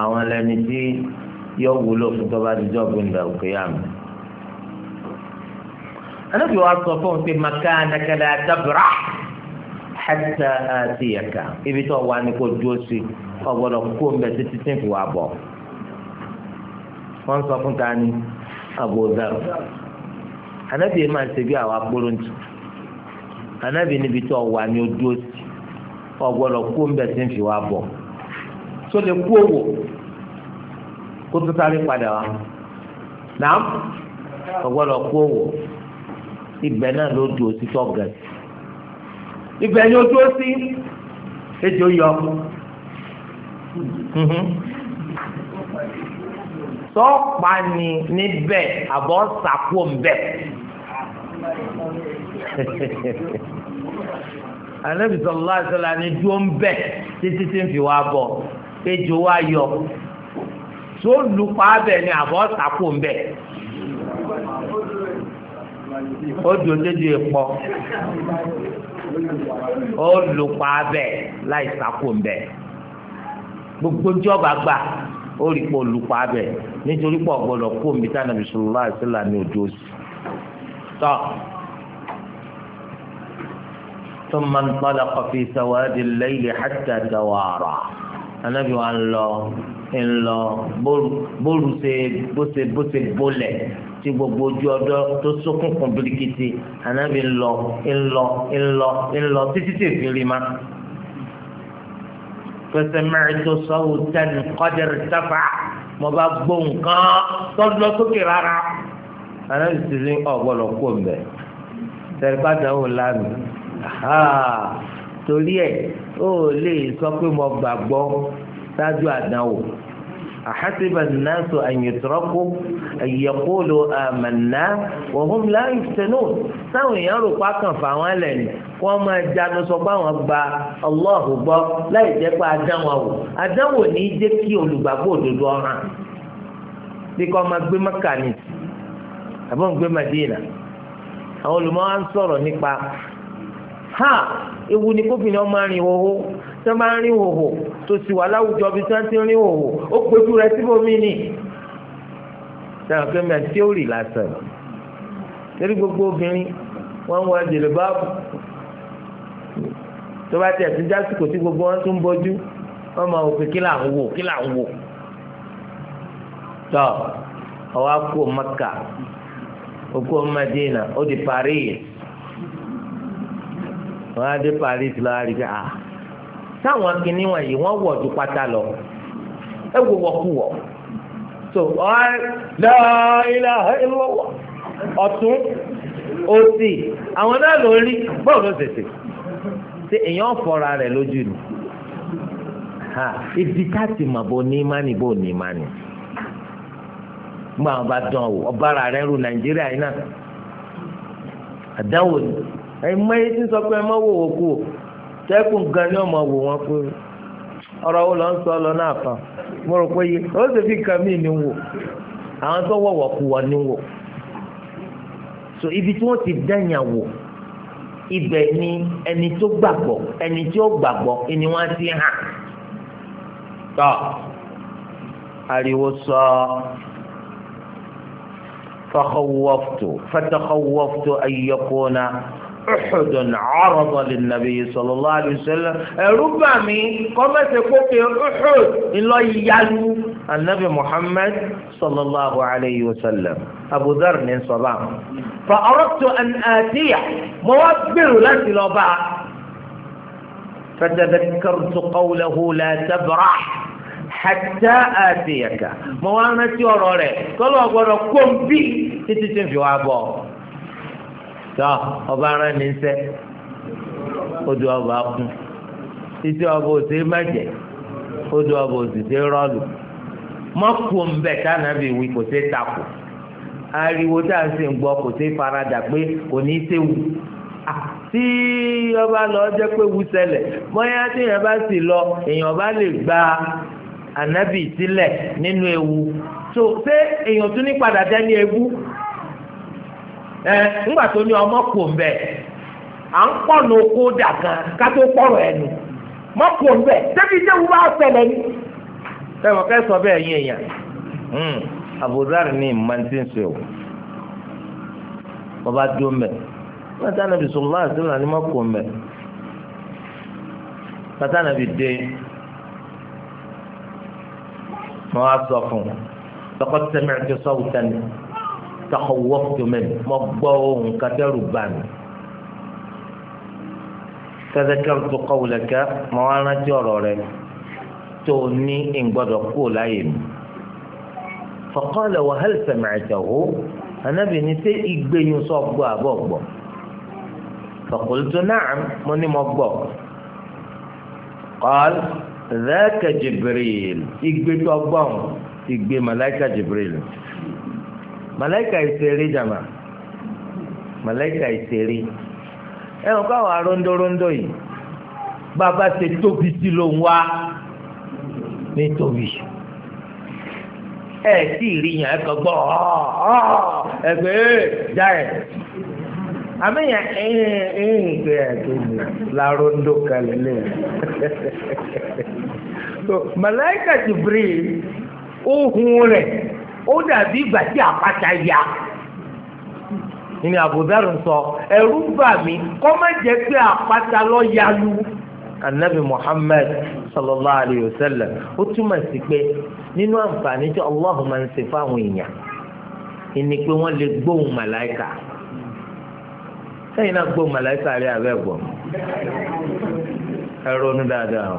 àwọn ẹlẹ́ni tí yóò wúlò fún tó bá ti jọ gbẹndàlùkìyàmà. النبي واصفهم في مكانك لا تبرح حتى آتيك إبتوا وأنك جوسي ọ̀gbọ́dọ̀ kú ọmọ ẹ̀sìn títí fún wa bọ̀. wọ́n sọ fún tani Abu Dharr anabi yìí máa ń ṣe bí àwọn akpọ́lọ́ntì anabi níbi tí ọ̀wà ni ó dúró sí ọ̀gbọ́dọ̀ kú ọmọ ẹ̀sìn fún wa bọ̀. tó lè kú owó kó tó sáré padà wá náà ọ̀gbọ́dọ̀ kú owó ibẹ̀ náà ló dúró sí tọ́gẹ̀ẹ́sì ibẹ̀ ni ó sí ejò yọ. Mhm. sọ́ọ̀pá ni níbẹ̀ àbọ̀ sàkó ńbẹ̀. Ànábì sallallahu alaihi wasallam ni dúró ń bẹ̀ títí tí ń fi wá bọ̀ ejò wá yọ tó lupa bẹ̀ ni àbọ̀ sàkó ńbẹ̀. ó dùn dédé pọ̀ ó lupa bẹ̀ láì sàkó ńbẹ̀ gbogbo ní ọba gbà ó rí pọ̀ olùkọ́ abẹ nítorí pọ̀ gbọ́dọ̀ kó omi tá nàbì sọ̀rọ̀ láì sílà ní ojú òsì. tọ́ tó máa ń padà kọfí sàwádìí lẹ́yìn hàtà dàwàrà anábì wa ń lọ ń lọ bóru ṣe bó ṣe bó ṣe tí gbogbo ojú ọdọ tó sókùnkùn birikiti anábì ń lọ ń lọ títí tèfìrí ma. فسمعت صوتا قد ارتفع mo bá gbọ́ nǹkan tó lọ sókè rárá anáyí sì ní ọ̀gbọ́dọ̀ kó mbẹ tẹ̀lifásitì àwọn lánàá torí ẹ̀ ó lè sọ pé mo gbàgbọ́ ṣáájú àdánwò. أحسب الناس أن يتركوا أن يقولوا آمنا وهم لا يفتنون سوي يروا قاكا فعوالا وما جانو سبا وبا الله با لا يجب أدنوا أدنوا نيجيكي ولبابو دودوها bíkọ́ ọmọ gbé mẹ́kà ni àbọ̀ ń gbé Madina àwọn olùmọ̀ wa ń sọ̀rọ̀ nípa ha ewu ni kófìnì ọmọ arìnwó tí wọ́n bá ń rìn hòhò tó sì wà láwùjọ bí tí wọ́n ti ń rìn hòhò ó gbójú rẹ̀ síbòmí ni sẹ́wọ̀n pé mẹ́ tí ó rì lásán torí gbogbo obìnrin wọ́n ń wọ ẹ̀jẹ̀ lè bá tó bá tẹ̀ sí jásìkò tí gbogbo wọn tún bójú wọ́n máa wò pé kí là ń wò kí là ń wò tọ́ ọwọ́ akú Mẹ́kà okú Mẹ́dínà ó di Paris wọ́n á dé Paris lọ́wọ́ àríkà táwọn akínní wọ̀nyí wọ́n wọ̀ ju pátá lọ ẹ so la ilaha illallah ọ̀tún òsì àwọn náà ló rí bọ́ọ̀lù ṣẹ̀ṣẹ̀ ṣe èèyàn fọ́ra rẹ̀ lójú ni ibi ká mà bó ní mání bó ní mání gbọ́n bá dán o ọba ara rẹ̀ ru nàìjíríà yìí náà àdáwò ni ẹ̀ mọ́ ẹ ti sọ pé ẹ mọ́ wò kú tẹ́kùn gan ni ọmọ wò wọn pé ọ̀rọ̀ wo lọ ń sọ lọ náà kan mo rò pé ó sì fi kàn mí ní wò àwọn tó wọ̀wọ̀ kù wọ́n ní wò so ibi tí wọ́n ti dẹ́yìn àwò ibẹ̀ ni ẹni tó gbàgbọ́ ẹni tí ó gbàgbọ́ ẹni wọ́n ti hàn tọ́ ariwo sọ fakhawwaftu fakhawwaftu ayyakuna. أحد عرض للنبي صلى الله عليه وسلم ربما قمت كوكي أحد إلا يلو النبي محمد صلى الله عليه وسلم أبو ذر من صباح فأردت أن آتيه موبر لك لبعض فتذكرت قوله لا تبرح حتى آتيك موانا تيوروري قالوا أقول كم بي في وابو tọ ọba ara ní sẹ odò ọba kún títí ọba òsè mẹjẹ odò ọba òsè rọlù mọkù ńbẹ tànàbí wí kò sí takò ariwo tá a sì ń gbọ́ kò sí faradà pé kò ní í séwu tí ọba lọ jẹ́ pé wu ṣẹlẹ̀ bóyá tí èèyàn bá sì lọ èèyàn bá lè gba ànábì sílẹ̀ nínú ewu tó ṣé èèyàn tún ní padà dání ewu ẹ ńgbà tó ní ọmọ kò ń bẹ à ń pọ̀nù oko dà gan ká tó ẹnu mọ́ kò ń bẹ débi déwu bá ṣẹlẹ̀ ni. sẹ́wọ̀n kẹ́ sọ bẹ́ẹ̀ yín èèyàn Abuzar ní ìmọ̀ntínsẹ̀ o bàbá dúró mbẹ nàbì sọ̀rọ̀ láti sílẹ̀ ní kò ń bẹ nàbì dé takhawwaftu minhu mo gbọ́ ohùn kátẹ́rù bá mi. tadhakartu qawlaka mo wá rántí ọ̀rọ̀ rẹ tó ní ìgbọ́dọ̀ kú láyè mi. faqala wa hal sami'tahu anabi ni ṣé ìgbéyìn sọ gbọ́ àbọ̀ gbọ́. faqultu na'am mo ní mo gbọ́. qala dhaka Jibril ìgbé tó gbọ́n ìgbé màláìka Jibril màláìkà ìṣeré jàmà màláìkà ìṣeré ẹ̀wọ̀n káwọn aróńdóróńdó yìí bàbá ṣe tóbi sí ló ń wá nítorí ẹ tí ì rí yàn ẹ kàn gbọ́ ẹ pé jáì àmìyàn ẹ̀yìn ẹ̀yìn ìgbé àgbègbè làró ń dó kalẹ̀ lé so màláìkà Jibril ó hun rẹ̀. ó dàbí ìgbà tí àpáta ya ìní àbùdárù sọ ẹ̀rù bà mí kọ́ má jẹ́ pé àpáta lọ yalu anabi muhammed sallallahu alayhi wa sallam ó túmọ̀ sí pé nínú àǹfààní tí ọlọ́hùn máa ń ṣe fáwọn èèyàn ìní pé wọ́n lè gbóhùn màláìkà sẹ́yìn náà gbóhùn màláìkà rí abẹ́ gbọ́ ẹ ronú dáadáa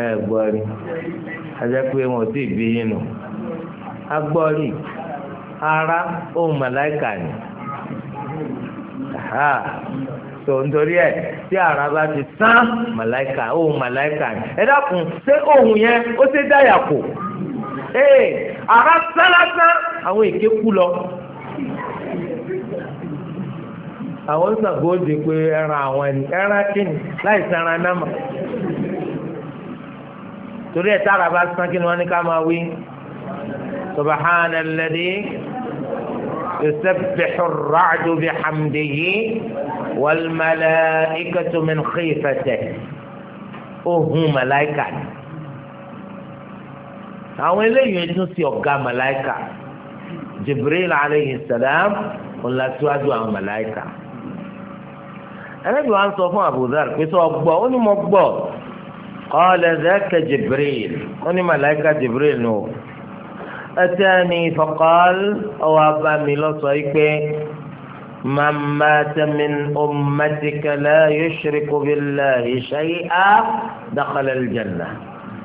ẹ gbọ́ rí ajá pé wọn ò tí ì bí agbọ́rì ara ohun màláìkà ni so nítorí ẹ tí ara bá ti sán màláìkà ohun màláìkà ni ẹ dákun ṣé ohun yẹn ó ṣe dáyà kù ee ara sán lásán àwọn èké kú lọ àwọn sàgóòdì pé ẹran àwọn ẹni ẹran kíni láì sanra náà mà torí ẹ tára bá sán kí wọn ní ká máa wí. سبحان الذي يسبح الرعد بحمده والملائكة من خيفته أوه ملائكة أو إلي ينسي ملائكة جبريل عليه السلام ولا سوادو ملائكة أنا أقول أنت أبو أبو ذر كيف أبو أبو أبو قال ذاك جبريل أني ملائكة جبريل نور أتاني فقال أو أبا ملصيك من مات من أمتك لا يشرك بالله شيئا دخل الجنة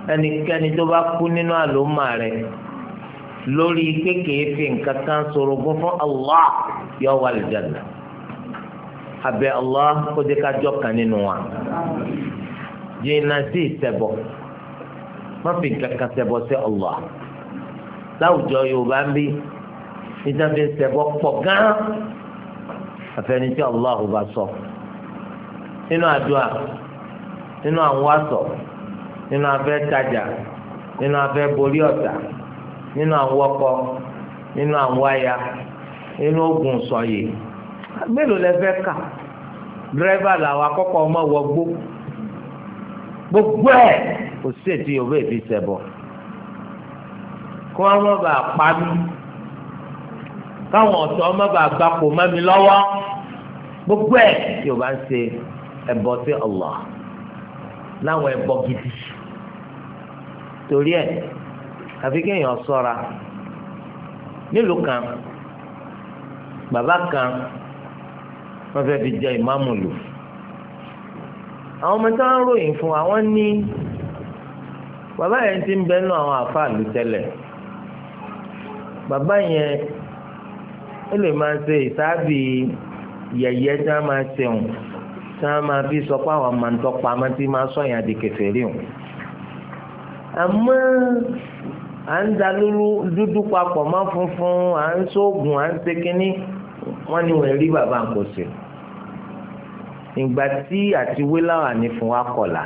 أني كان تبقى ننوى لأماري lórí kékeré fi nǹkan kan ṣorogún fún allah yóò wà lìjànà abẹ allah kó dé kájọ kan nínú wa jìnnà sí ìṣẹbọ má fi nǹkan kan ṣẹbọ sí allah. láwùjọ yorùbá ń bí nítorí sẹ́bọ̀ pọ̀ gán àfẹnití Allahu bá sọ nínú àdúrà nínú àwọn asọ nínú afẹ́ tajà nínú afẹ́ borí ọ̀tá nínú àwọn ọkọ nínú àwọn aya nínú ogun sọyè mélòó lẹ fẹ́ kà dírẹ́fà làwọn akọ́kọ́ ọmọ wọgbó gbogbo ẹ̀ kò sí ètí yorùbá èfi sẹ́bọ̀. kó wọn má bàa pa káwọn ọ̀tọ́ má bàa gbapò má mi lọ́wọ́ gbogbo ẹ̀ yóò bá ń ṣe ẹ̀bọ sí Allah láwọn ẹ̀bọ gidi torí ẹ̀ àfi kéèyàn sọ́ra, nílùú kan bàbá kan wọ́n fẹ́ fi jẹ ìmáàmù lò àwọn ọmọ tí wọ́n ń ròyìn fún wa wọ́n ní bàbá yẹn ti ń bẹ́ẹ̀ nù àwọn àfa àlù tẹ́lẹ̀ bàbá yẹn ó lè máa ṣe ìsáàbì yẹ̀yẹ́ tí wọ́n máa ṣeun tí wọ́n máa fi sọ pé àwọn máa ń tọpa àmọ́ tí máa sọ yẹn àdìkè fèrè o àmọ́ à ń da dúdú papọ̀ mọ́ funfun à ń sóògùn à ń ṣe kínní wọ́n ní wọ́n rí bàbá kò sí ìgbà tí àti wíláwà ní fún wa kọ̀la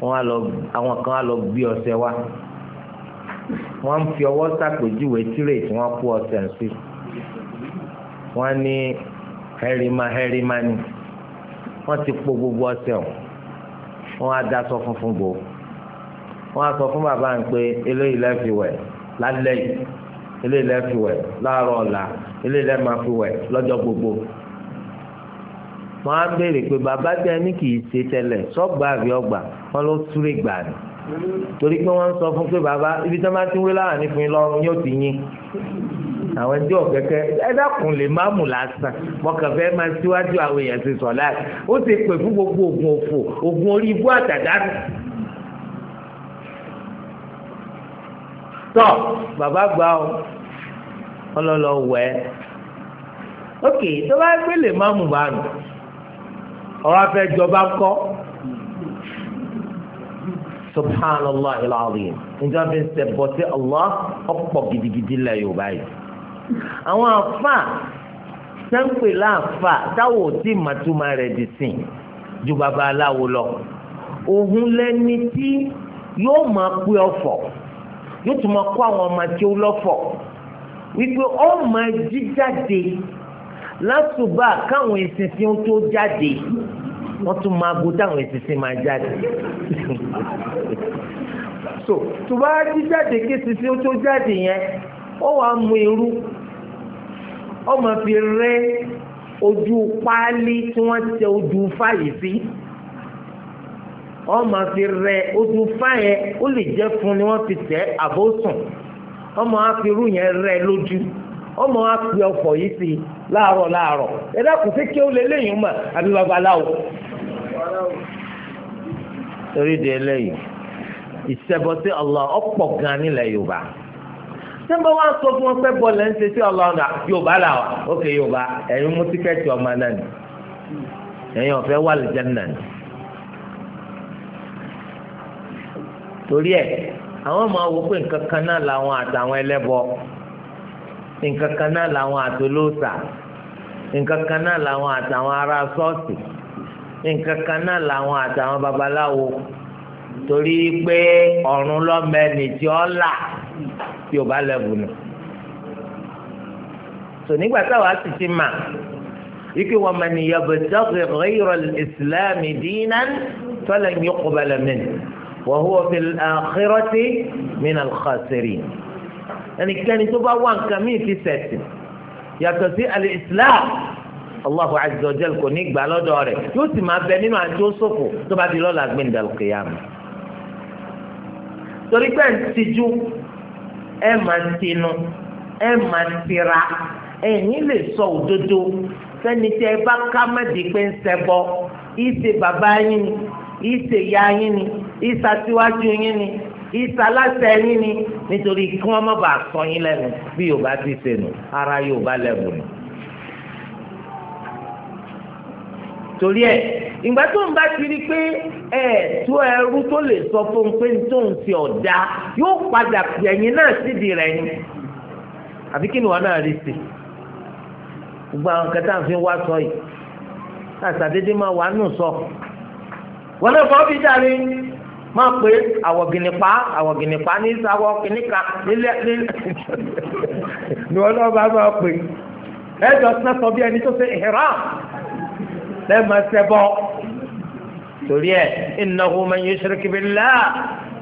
wọ́n á lọ àwọn kan á lọ gbé ọṣẹ wa wọ́n ń fi ọwọ́ sàpèjúwe tírè tí wọ́n kó ọsẹ̀ sí wọ́n ní hẹ́rìmá hẹ́rìmá ni wọ́n ti po gbogbo ọsẹ̀ o wọ́n á daṣọ funfun bò wọ́n á sọ fún bàbá ń pé eléyìí lẹ́fi wẹ̀ lálẹ́ yìí eléyìí lẹ́fi wẹ̀ láàárọ̀ ọ̀la eléyìí lẹ́ máa fi wẹ̀ lọ́jọ́ gbogbo wọ́n á béèrè pé bàbá tẹ ní kì í ṣe tẹ́lẹ̀ sọ́gbà àbí ọgbà wọ́n ló súré gbà ni torí pé wọ́n ń sọ fún pé bàbá ibi tí wọ́n bá ti ń wé láàánú fún yín lọ́rùn yóò ti yín àwọn ẹjọ́ kẹ̀kẹ́ ẹ dákun lè má mú lásán mọ̀kànfẹ́ máa síwájú àwọn èèyàn ti sọ̀ láì ó ti pè fún gbogbo oògùn òfò oògùn orí ibú àtàdánù. tọ́ bàbá gba ọ ọlọ́lọ́ wẹ̀ ẹ́ ókè tó bá gbé lè má mú bá nù ọ̀rọ̀ afẹ́jọba kọ́ subhanallah ilaahim njẹ́ wọ́n fi ń ṣẹbọ sí allah ọ̀pọ̀ gidigidi lẹ̀ yorùbá yìí. àwọn afa sẹ́ńpẹ̀ láàfà táwọn ò tí màtúmá rẹ̀ dì sìn ju baba aláwo lọ òhun lẹni tí yóò máa pé ọ̀fọ̀ yóò tún máa kó àwọn ọmọ tí ó lọ́fọ̀ wípé ó máa jí jáde lásùbà káwọn ìsinsin tó jáde wọ́n tún máa go táwọn èsì sí máa jáde so tó bá rí jáde kí èsì sí ó tó jáde yẹn ó wàá mú irú ó máa fi rẹ́ ojú páálí tí wọ́n tẹ ojú fáyì sí wọ́n máa fi rẹ ojú fáyẹ ó lè jẹ́ fún ni wọ́n fi tẹ̀ àbósùn wọ́n máa fi irú yẹn rẹ lójú wọ́n máa fi ọkọ̀ yìí sí i láàárọ̀ láàárọ̀ ẹ dákun sí kí ó lé léyìn mà àbí babaláwo. torí de eléyìí ìṣẹ́bọ sí Allah ọ̀pọ̀ gan nílẹ̀ Yorùbá sẹ́ńbà wá sọ fún wọn pé bọ́ọ̀lù ẹ̀ ń ṣe sí Allah náà Yorùbá là wà ókè Yorùbá ẹ̀yin mú tíkẹ́ẹ̀tì ọmọ náà ni ẹ̀yin ọ̀fẹ́ wà lìjẹ́ náà ni. torí ẹ̀ àwọn máa wọ pé nǹkan kan náà làwọn àtàwọn ẹlẹ́bọ nǹkan kan náà làwọn àtolóòsà nǹkan kan náà làwọn àtàwọn ará ṣọ́ọ̀ṣì nǹkan kan náà làwọn àtàwọn babaláwo torí pé ọ̀run lọ́mẹ́ni tí ó là tí ò bá lẹ́bù nù. tò nígbà táwa sì ti mà ike wa man yabtaghi ghayra al-islam dinan falan yuqbala minhu wa huwa fil akhirati min al-khasirin ẹnikẹ́ni tó bá wá nǹkan míì fi sẹ̀sìn yàtọ̀ sí al-Islam Allahu azza wa jal kò ní gbà lọ́dọ̀ rẹ̀ yóò sì máa bẹ nínú àjọ sòfò tó bá di lọ́la gbẹ̀ndàlù kìyàmù. torí pé ntìjú ẹ máa tinú ẹ máa tira ẹ̀yin lè sọ òdodo sẹ́ni tí ẹ bá ká má di pé ń ṣẹbọ ìṣe bàbá yín ni ìṣe ìyá yín ni ìṣàtiwájú yín ni ìsàlásẹ̀ yín ni nítorí kí wọ́n má bàa sọ yín lẹ́nu bí yorùbá ti ṣe nù ara yorùbá lẹ́bùn ni. torí ẹ ìgbà tó ń bá ti rí pé ẹ tó ẹrú tó lè sọ fún un pé tó ń ti ọ̀dà yóò padà ẹ̀yìn náà sídìí rẹ̀ ni àbí kí ni wọn náà rí sí gbogbo àwọn kẹta àfi wá sọ yìí àtàdédé máa wà nù sọ wọn náà fọwọ́ fi dàrí máa pé àwọ̀gìnìpá àwọ̀gìnìpá ní sáwọ́ kìnìkan nílẹ̀ nílẹ̀ ni wọ́n náà bá máa pè ẹjọ́ sọ sọ bí ẹni tó ṣe ìhìrán lẹ́ẹ̀mọ ṣẹbọ torí ẹ innahu man yushrik billah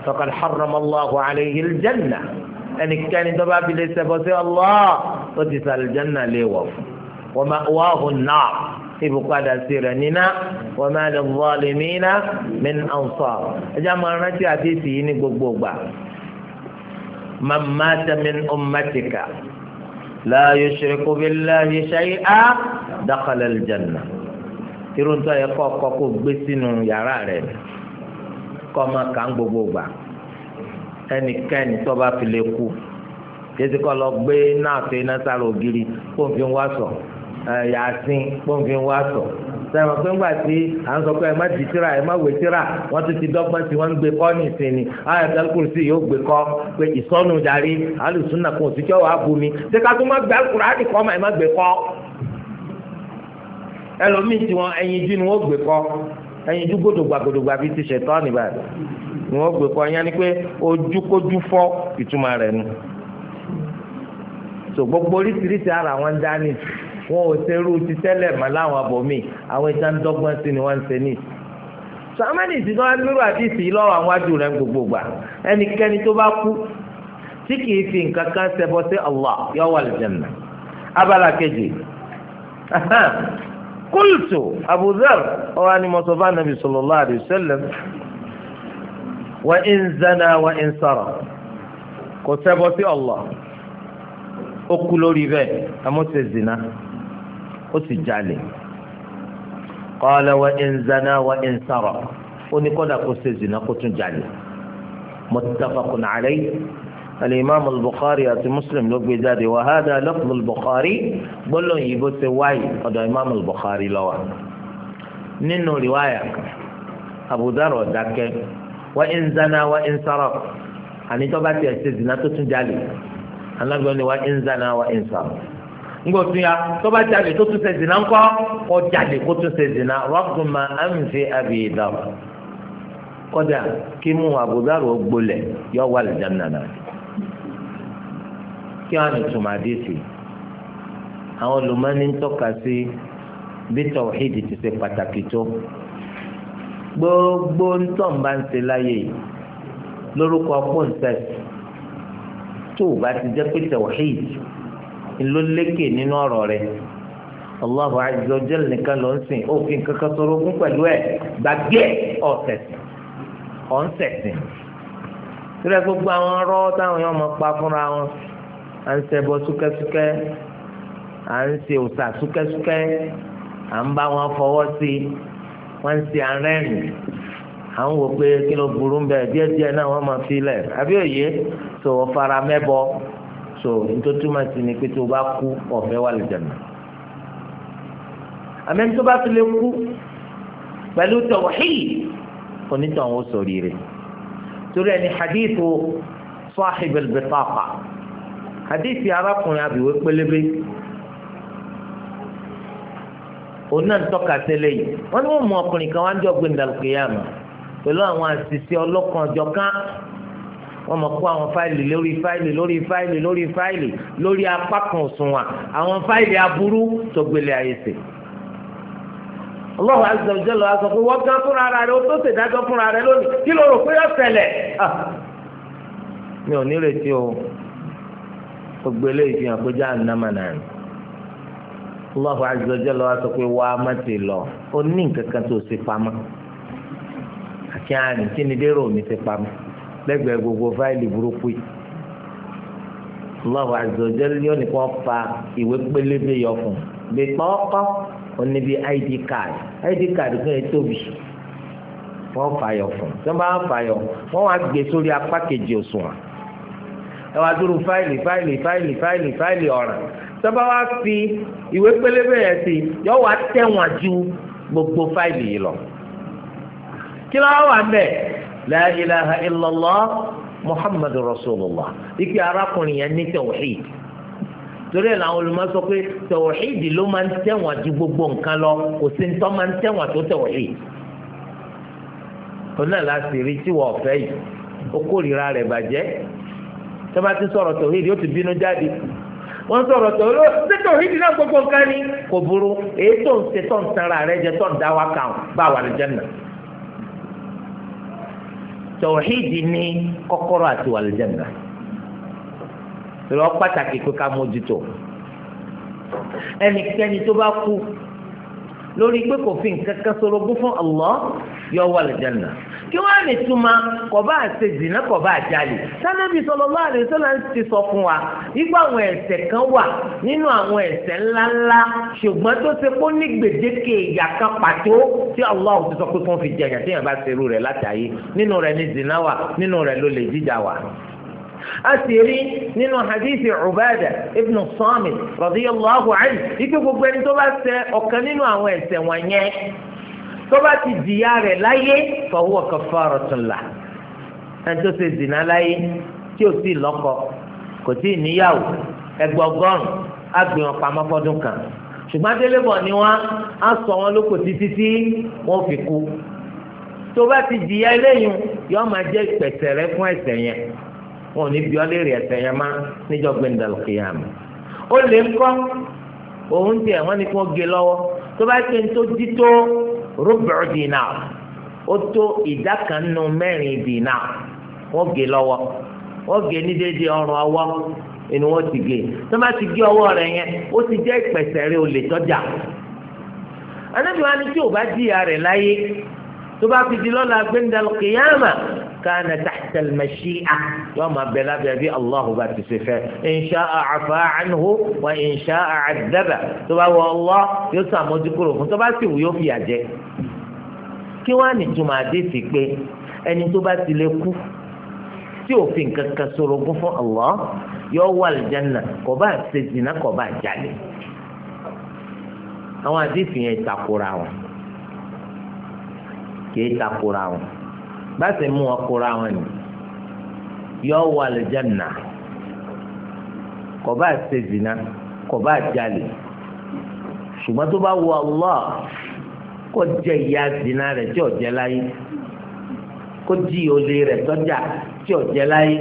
faqad harrama Allahu alayhi al-janna ẹnikẹ́ni tó bá fi lè ṣẹbọ sí Allah ó ti sàlìjánná lè wọ̀ fún wa ma'wahu an-nar ibùpadà sí rẹ̀ níná wa ma lil-zalimina min ansar ẹjẹ́ àmọ́ rántí àdéhìí yìí ní gbogbo gbà man mata min ummatika la yushriku billahi shay'an dakhala al-janna irun tó yẹ kọ́ kọ́ kó gbé sínú yàrá rẹ̀ kọ́ ma kà gbogbo gbà ẹnikẹ́ni tó bá fi lè kú yẹ́sì kọ́ lọ gbé náà fi náà sára ògiri kó n fi wá sọ̀rọ̀. Eh, yàtìn asin wá sọ sẹ́wọ̀n pé ńgbà tí à ń sọ pé ẹ má di tíra ẹ má wé tíra ti tí ń gbé yóò gbé pé ìsọnù darí alùsùnà abumi ṣé ká má gbé ẹ má gbé ẹlòmíì tí wọn ẹyin ni wọ́n gbé kọ́ ẹyin jú gbódògbà gbódògbà bíi so gbogbo oríṣiríṣi ara wọn wọn ò ṣerú ti tẹ́lẹ̀ mọ́ láwọn abòmíì àwọn ìta ń dọ́gbọ́n sí ni wọ́n ń ṣe ní. sàmánì ti náà lórí àdìsí lọ́wọ́ àwọn adùn rẹ̀ gbogbo gbà ẹnikẹ́ni tó bá kú tí kìí fi nǹkan kan ṣẹbọ sí Allah yóò wọ abala kejì kultu Abu Dharr ọwọ́ ni mo sọ fún anabi sallallahu alayhi wa sallam kò ṣẹbọ sí Allah ó kú lórí zina ó sì jalè qala wa in zana wa in sara ó ní kódà kó ṣe zina kó tún jalè muttafaqun alayhi alimami al-bukhari àti muslim ló gbé jáde wa hada lafz al-bukhari gbọ́dọ̀ yìí bó ṣe wáyé ọ̀dọ̀ imam al-bukhari ló wà nínú riwaya abu dhar dákẹ́ wa in zana wa in saraq tiẹ̀ ṣe zina tó tún jalè alágbọ́n ni wa in zana wa in saraq. ngotu ya tó jalè tó tún ṣe zina ńkọ́ kọ́ jalè kó tún ṣe zina rọ́gùnmá ànfẹ́ àbí ìdáwọ̀ kọ́dà kí mú àbúdárò gbolẹ̀ yọ wà lẹ́jà nànà kí wọ́n á tún máa dé àwọn olùmọ́ni ń bí tọ̀hídì ti ṣe pàtàkì tó gbogbo ńtọ́ ń bá ń ṣe láyé yìí lórúkọ pọ́ńsẹ̀t tó o bá ti jẹ́ pé ló lékè nínú ọ̀rọ̀ rẹ̀ Allahu azza wa jalla nìkan ló ń sìn òfin kankan sọ̀rọ̀ ogún pẹ̀lú ẹ̀ gbàgbé ọ̀sẹ̀sìn ọ̀nsẹ̀sìn sílẹ̀ gbogbo àwọn ọ̀rọ̀ táwọn yóò máa pa fúnra wọn à ń ṣẹbọ súkẹ́súkẹ́ à ń ṣe òòṣà súkẹ́súkẹ́ à ń bá wọn fọwọ́ sí wọ́n ń ṣe arẹ́rìn à ń wò pé kí ló burú ń bẹ̀ díẹ̀díẹ̀ náà wọ́n máa fi àbí òye tó fara mẹ́bọ so nítorí túmọ̀ sí ni pé tó o bá kú ọ̀fẹ́ wà lìjànà àmì tó bá tún lè kú pẹ̀lú tawhid onítàn ó sọ rírẹ torí ẹni hadithu sahib al-bitaqa hadithi arákùnrin abiwe pélébé òun náà ń tọ́ka sẹ́lẹ̀ yìí wọ́n ní wọ́n mú ọkùnrin kan wá ń jọ gbé pẹ̀lú àwọn àṣìṣe ọlọ́kan ọjọ́ kan wọ́n mọ̀ kó àwọn fáìlì lórí fáìlì lórí fáìlì lórí fáìlì lórí apá kan òṣùwọ̀n àwọn fáìlì aburú tó gbélé ayé sè. Allah azza wa jalla sọ pé wọ́n gán fúnra rẹ̀ ó tó ṣèdájọ́ fúnra rẹ̀ lónìí kí ló rò pé yóò ṣẹlẹ̀. Ah. mi ò nírètí o gbogbo eléyìí fi hàn pé jahannama náà ni. Allah azza wa jalla sọ pé wàá má ti lọ ó ní nǹkan kan tó ṣe pamọ́ àti àrùn kí ni dérò mi ti pamọ́ lẹ́gbẹ̀ẹ́ gbogbo fáìlì burúkú yìí Allahu azza wa jalla ni ó ní kó fa ìwé pélébé yọ fún bí pọ́ọ́kọ́ òní bí id card id card fún yẹn tóbi wọ́n fàyọ̀ fún tí wọ́n bá fàyọ̀ wọ́n wá gbé sórí apá kejì òṣùwọ̀n ẹ wá dúró fáìlì fáìlì fáìlì fáìlì fáìlì ọ̀ràn tí wọ́n bá wá fi ìwé pélébé yẹn sí yọ wá tẹ̀wọ̀n ju gbogbo fáìlì yìí lọ kí ló wà mẹ́ẹ̀ la ilaha illallah muhammadu rasulullah ike arákùnrin yẹn ní tawhid torí ẹ̀ làwọn olùmọ̀ sọ pé tawhid ló máa ń tẹ̀wọ̀n ju gbogbo nǹkan lọ kò sí ntọ́ máa ń tẹ̀wọ̀n tó tawhid onáà láti rí tí wọ́n fẹ́ yìí ó kórìíra rẹ̀ bàjẹ́ tó bá ti sọ̀rọ̀ tawhid yóò ti bínú jáde wọ́n sọ̀rọ̀ tọ̀rọ̀ náà gbogbo nǹkan ni kò burú èyí tó ń ṣe tó ń tọ̀hídì ní kọ́kọ́rọ́ àti wàlìjẹ́nà lọ pàtàkì pé ká mójútó ẹnikẹ́ni tó bá kú lórí pé kò fi nǹkan kan ṣorogún fún Allah yọ wà lẹ́jẹ̀nà kí wọ́n á lè túmọ̀ kọ̀bá àṣẹ zìnà kọ̀bá àjálè sánábì sallallahu alaihi wasallam ti sọ fún wa nígbà àwọn ẹ̀ṣẹ̀ kan wà nínú àwọn ẹ̀ṣẹ̀ ńláńlá ṣùgbọ́n tó ṣe kó ní gbèdéke ìyà kan pàtó tí Allah ti sọ pé kó fi jẹyàn téèyàn bá ṣerú rẹ̀ látàyè nínú rẹ̀ ní zìnà wà nínú rẹ̀ ló lè jíjà wà asiri nínú hadithi Ubada ibn Samit radiyallahu anhu ikú gbogbo ẹni tó bá ṣe ọ̀kan nínú tó bá ti jìyà rẹ̀ láyé fa huwa kaffaratun lah ẹni tó ṣe zìnà láyé tí ò sí lọ́kọ kò tí ì níyàwó ẹgbọgọrùn á gbé wọn pamọ́ fọ́dún kan ṣùgbọ́n délébọ̀ ni wọ́n á sọ wọn lóko títí tí wọ́n fi kú tó bá ti jìyà eléyìí yọ máa jẹ́ ìpẹ̀sẹ̀ rẹ fún ẹ̀ṣẹ̀ yẹn wọn ò ní bí ọlẹ́rìí ẹ̀ṣẹ̀ yẹn má níjọ́ gbẹ̀ndàlùkìyàmù ó lè ń òun tiẹ̀ wọ́n ní kí wọ́n gé lọ́wọ́ tó bá pé ní tó dí tó rúbùrù dìínà ó tó ìdá kan nínú mẹ́rin dìínà wọ́n gé lọ́wọ́ wọ́n gé ní déédéé ọrùn ọwọ́ inú wọn ti gé tó bá ti gé ọwọ́ rẹ̀ yẹn ó ti jẹ́ ìpẹ̀sẹ̀ rẹ̀ olè tọ́jà anábìwá ni tí ò bá jìyà rẹ̀ láyé tó bá fi di lọ́la gbẹ̀ndàlù kìyàmà kánà tàxtàl màṣíà yóò máa bẹ̀ lábẹ́ bí Allahu bá ti ṣe fẹ́ insha àfà ànhu wa insha àdàbà tó bá wọ ọlọ́ yóò sàmójú kúrò fún tó bá sì wù yóò fi àjẹ. kí wọ́n á nìtumọ̀ àdé pé ẹni tó bá ti lè kú tí òfin kankan sorogún fún Allah yóò wà lìjánà kò bá ṣe zina kò bá jalè àwọn àdé yẹn takora wọn kìí takora wọn bá sì mú ọkùnrin àwọn ni yọ wọ àlùjánnà kò bá ṣe zina kò bá jalè ṣùgbọ́n tó bá wọ Allah kó jẹ ìyà zina rẹ̀ tí ò jẹ láyé kó jí olè rẹ̀ tọ́jà tí ò jẹ láyé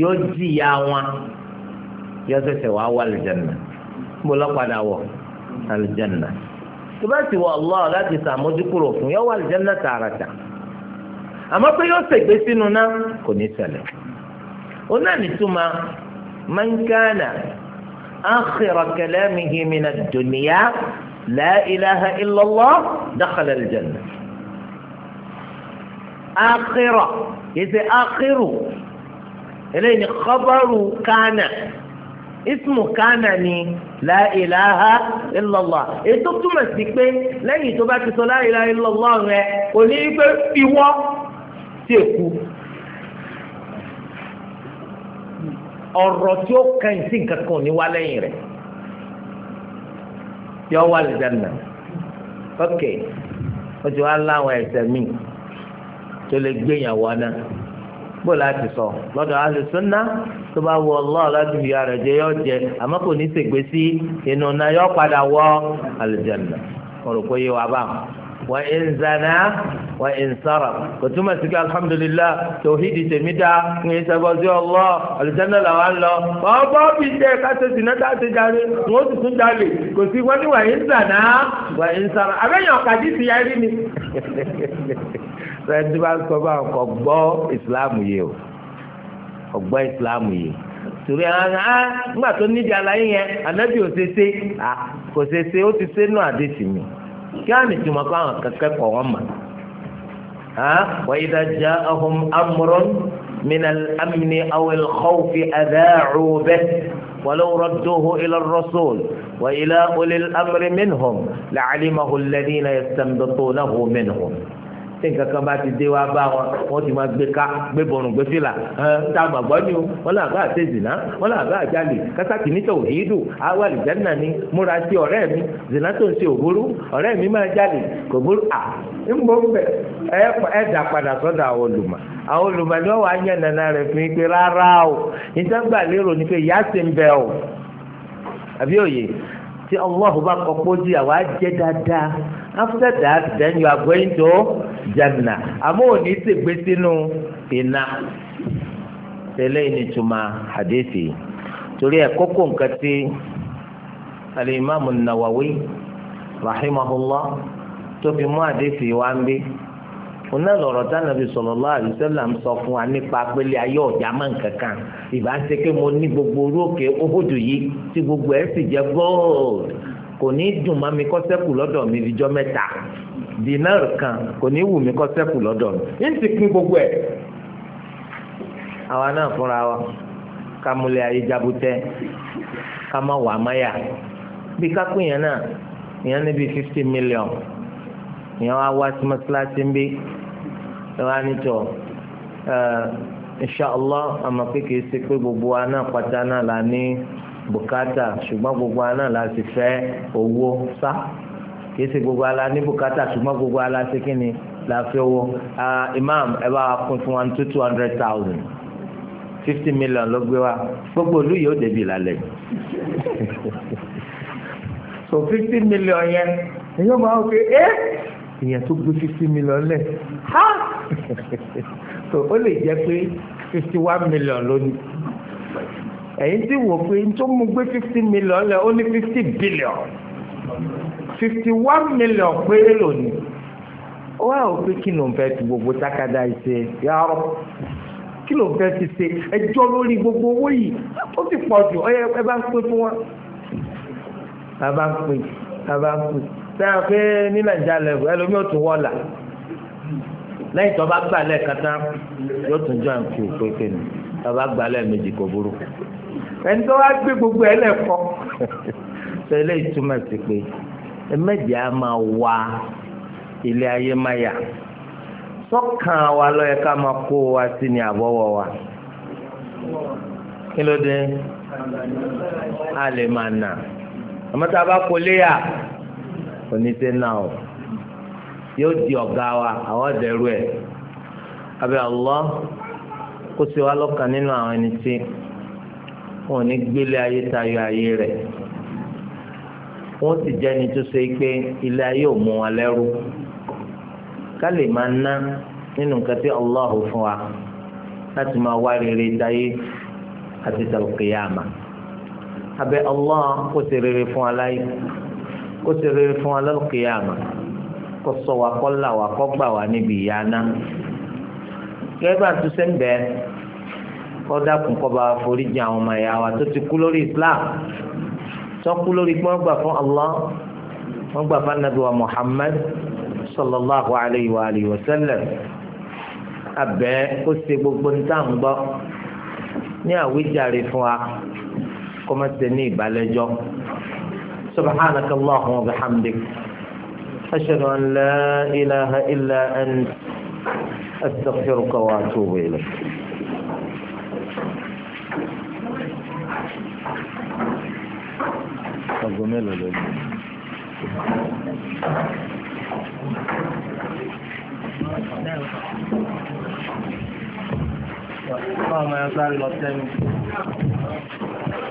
yóò jí ìyà wọn yọ sẹsẹ wàá wọ àlùjánnà ń wọ àlùjánnà tó bá ti wọ Allah láti sàmójúkúrò fún yọ wà lìjẹ́nà tààràtà àmọ́ pé yóò ṣègbè sínú náà kò ní ṣẹlẹ̀ ó náà nìtúmọ̀ man kana akhira kalamihi mina dunya la ilaha illallah dakhala akhira yìí ṣe akhiru eléyìí ni khabaru kana ismu kánà ni la ilaha illallah ètò túmọ̀ sí pé lẹ́yìn tó bá ti sọ la ilaha illallah rẹ kò ní í pé ìwọ sí èkú ọ̀rọ̀ tí ó kàn sí nǹkan kan ní wá lẹ́yìn rẹ̀ yọ wà lìjànà ok ó ti wá láwọn ẹsẹ̀ míì tó lè gbéyàwó náà bó láti sọ lọ́dọ̀ alùsùnà tó bá wọ ọlọ́ọ̀ láti fi ara jẹ yọ jẹ àmọ́ kò ní ṣègbè sí inú náà yọ padà wọ alùjẹ̀nà ọ̀rọ̀ kò yé wa bá wà ń zànà wà ń sọ̀rọ̀ kò túmọ̀ sí ká alhamdulillah tòhídì tèmi dá ń yẹ sẹ́gbọ́ sí ọlọ́ alùjẹ̀nà là wà lọ ọ̀bọ̀ fi jẹ́ káṣẹ́ sí náà táṣẹ́ jáde wọ́n sì tún jáde kò sí wọ́n ní wà ń wà ń sọ̀rọ̀ ọ̀kadì ti yarí ni. sẹ́ńtì bá ń sọ bá ọkọ̀ gbọ́ ìsìláàmù yìí o ọgbọ́ ìsìláàmù yìí torí àwọn ah, ah nígbà tó nídìí àlàyé yẹn ànábì ò ṣeéṣe ah, kò ṣeéṣe ó ti ṣe nù àdéṣì mi kí á nìtì mọ̀ káwọn kẹ́kẹ́kọ̀ọ́ wọn mà wọ́n yìí dájá ọ̀hún amúrán من الأمن أو الخوف أذاعوا به ولو ردوه إلى الرسول وإلى أولي الأمر منهم لعلمه الذين يستنبطونه منهم tí nǹkan kan bá ti dé wá bá wọn wọ́n ti máa gbé ká gbé bọ̀rùn gbé fìlà tá a gbàgbọ́ ni o wọ́n là bá àti zìnà wọ́n là bá àjálè kásákì níta ò yí dù àwa àlùjáná ni múra sí ọ̀rẹ́ mi zìnà tó ń ṣe òbúrú ọ̀rẹ́ mi máa jálè kò burú à ń bọ́ bẹ̀ ẹ dà padà sọ́dọ̀ àwọn olùmọ̀ àwọn olùmọ̀ ni wọ́n wá yàn nàná rẹ̀ fún pé rárá o ìjọba lérò ni pé ìyá ti ń bẹ o àbí òye tí Allah bá kọ pé di àwa jẹ́ dáadáa after that then you are going to Jannah àmọ́ òní ti gbé sínú iná tẹ́lẹ̀ ìnìtumọ̀ hadithi torí ẹ̀ kókó nǹkan tí alimami Nawawi rahimahullah tó fi mú hadithi wá ń bí òun náà lọ̀rọ̀ tánàbí sallallahu alaihi wasallam ń sọ fún wa nípa pélé ayé ọ̀já máa ń kankan ìbá ń ṣe pé mo ní gbogbo orú òkè òhòdù yìí tí gbogbo ẹ̀ sì jẹ́ gold kò ní dùn mọ́ mi kọ́ sẹ́kù lọ́dọ̀ mi ìjọ mẹ́ta dinar kan kò ní wù mí kọ́ sẹ́kù lọ́dọ̀ mi ń ti pín gbogbo ẹ̀ àwa náà fúnra wa ká múlẹ̀ ayé jábútẹ́ ká má wà á máyà bí ká pín yẹn náà ìyẹn níbi fifty million ìyẹn wá wá sí mọ́sálásí ń bí ẹ wá nítọ̀ inṣàlá àmọ́ pé kìí ṣe pé gbogbo wa náà pátá náà la ní bùkátà ṣùgbọ́n gbogbo wa náà la sì fẹ́ owó sá kìí ṣe gbogbo wa la ní bùkátà ṣùgbọ́n gbogbo wa la ṣe kí ni la fẹ́ owó imam ẹ bá kún fún one to two hundred thousand fifty million ló gbé wa gbogbo olú yìí ó débi lálẹ́ so fifty million yẹn èyí ó máa ń pe ẹ́ èèyàn tó gbé fifty million lẹ̀ ha so ó lè jẹ́ pé fifty one million lónìí ẹ̀yin ti wò pé tó mú gbé fifty million lẹ̀ ó ní fifty billion fifty one million péré lónìí ó wà ó pé kí ló ń fẹ́ ti gbogbo tákàdá ìṣe yàrá kí ló ń fẹ́ ti ṣe ẹjọ́ lórí gbogbo owó yìí ó ti pọ̀ jù ẹ bá ń pín fún wọn bàbá ń pín bàbá ń pín sẹ́yìn pé ní nàìjíríà lẹ́wọ̀ ẹlòmíì ò tún wọ́ọ̀là lẹ́yìn tó bá gbà lẹ́ẹ̀kan yóò tún jọ àǹkì òpèké ni tó bá gbà lẹ́ẹ̀mejì kò burú ẹni tó wá gbé gbogbo ẹ lẹ́kọ́ sọ eléyìí túmọ̀ sí pé ẹ̀mẹ́jì á máa wá ilé ayé máyà sọ́kàn wa lọ́yẹ ká máa kó wa sí ni àbọ̀wọ̀ wa kí ló dé a lè máa nà àmọ́ tá a bá kó léyà. oníṣẹ́ náà o yóò di ọ̀gá wa àwọn ọ̀dẹ̀rú ẹ̀ abẹ́ Ọlọ́ kó sì wá lọ́kàn nínú àwọn ẹni tí wọn ò ní gbélé ayé tayọ ayé rẹ̀ wọ́n sì jẹ́ ẹni tó ṣe pé ilé ayé ò mú wọn lẹ́rú ká lè máa ná nínú nǹkan tí Allah fún wa láti máa wá rere táyé àti àmà? abẹ́ Allah kó sì rere fún wa láyé. kó ṣe rere fún wa lálùkìyàmà kó ṣọ́ wa kó là wa kó gbà wa níbi ìyà náà gẹ́gẹ́ bá tún sẹ́ńbẹ́ kó dákun kó bá foríjì àwọn ọmọ ìyá wa tó ti kú lórí Islam tó kú lórí pé wọ́n gbà fún Allah wọ́n gbà fún anabi wa sallallahu alayhi wa alayhi wa sallam abẹ ó ṣe gbogbo ní ń gbọ́ ní àwíjàre fún wa kó má ṣe ìbálẹ́jọ́. سبحانك اللهم وبحمدك أشهد أن لا إله إلا أنت أستغفرك وأتوب إليك اللهم Vamos a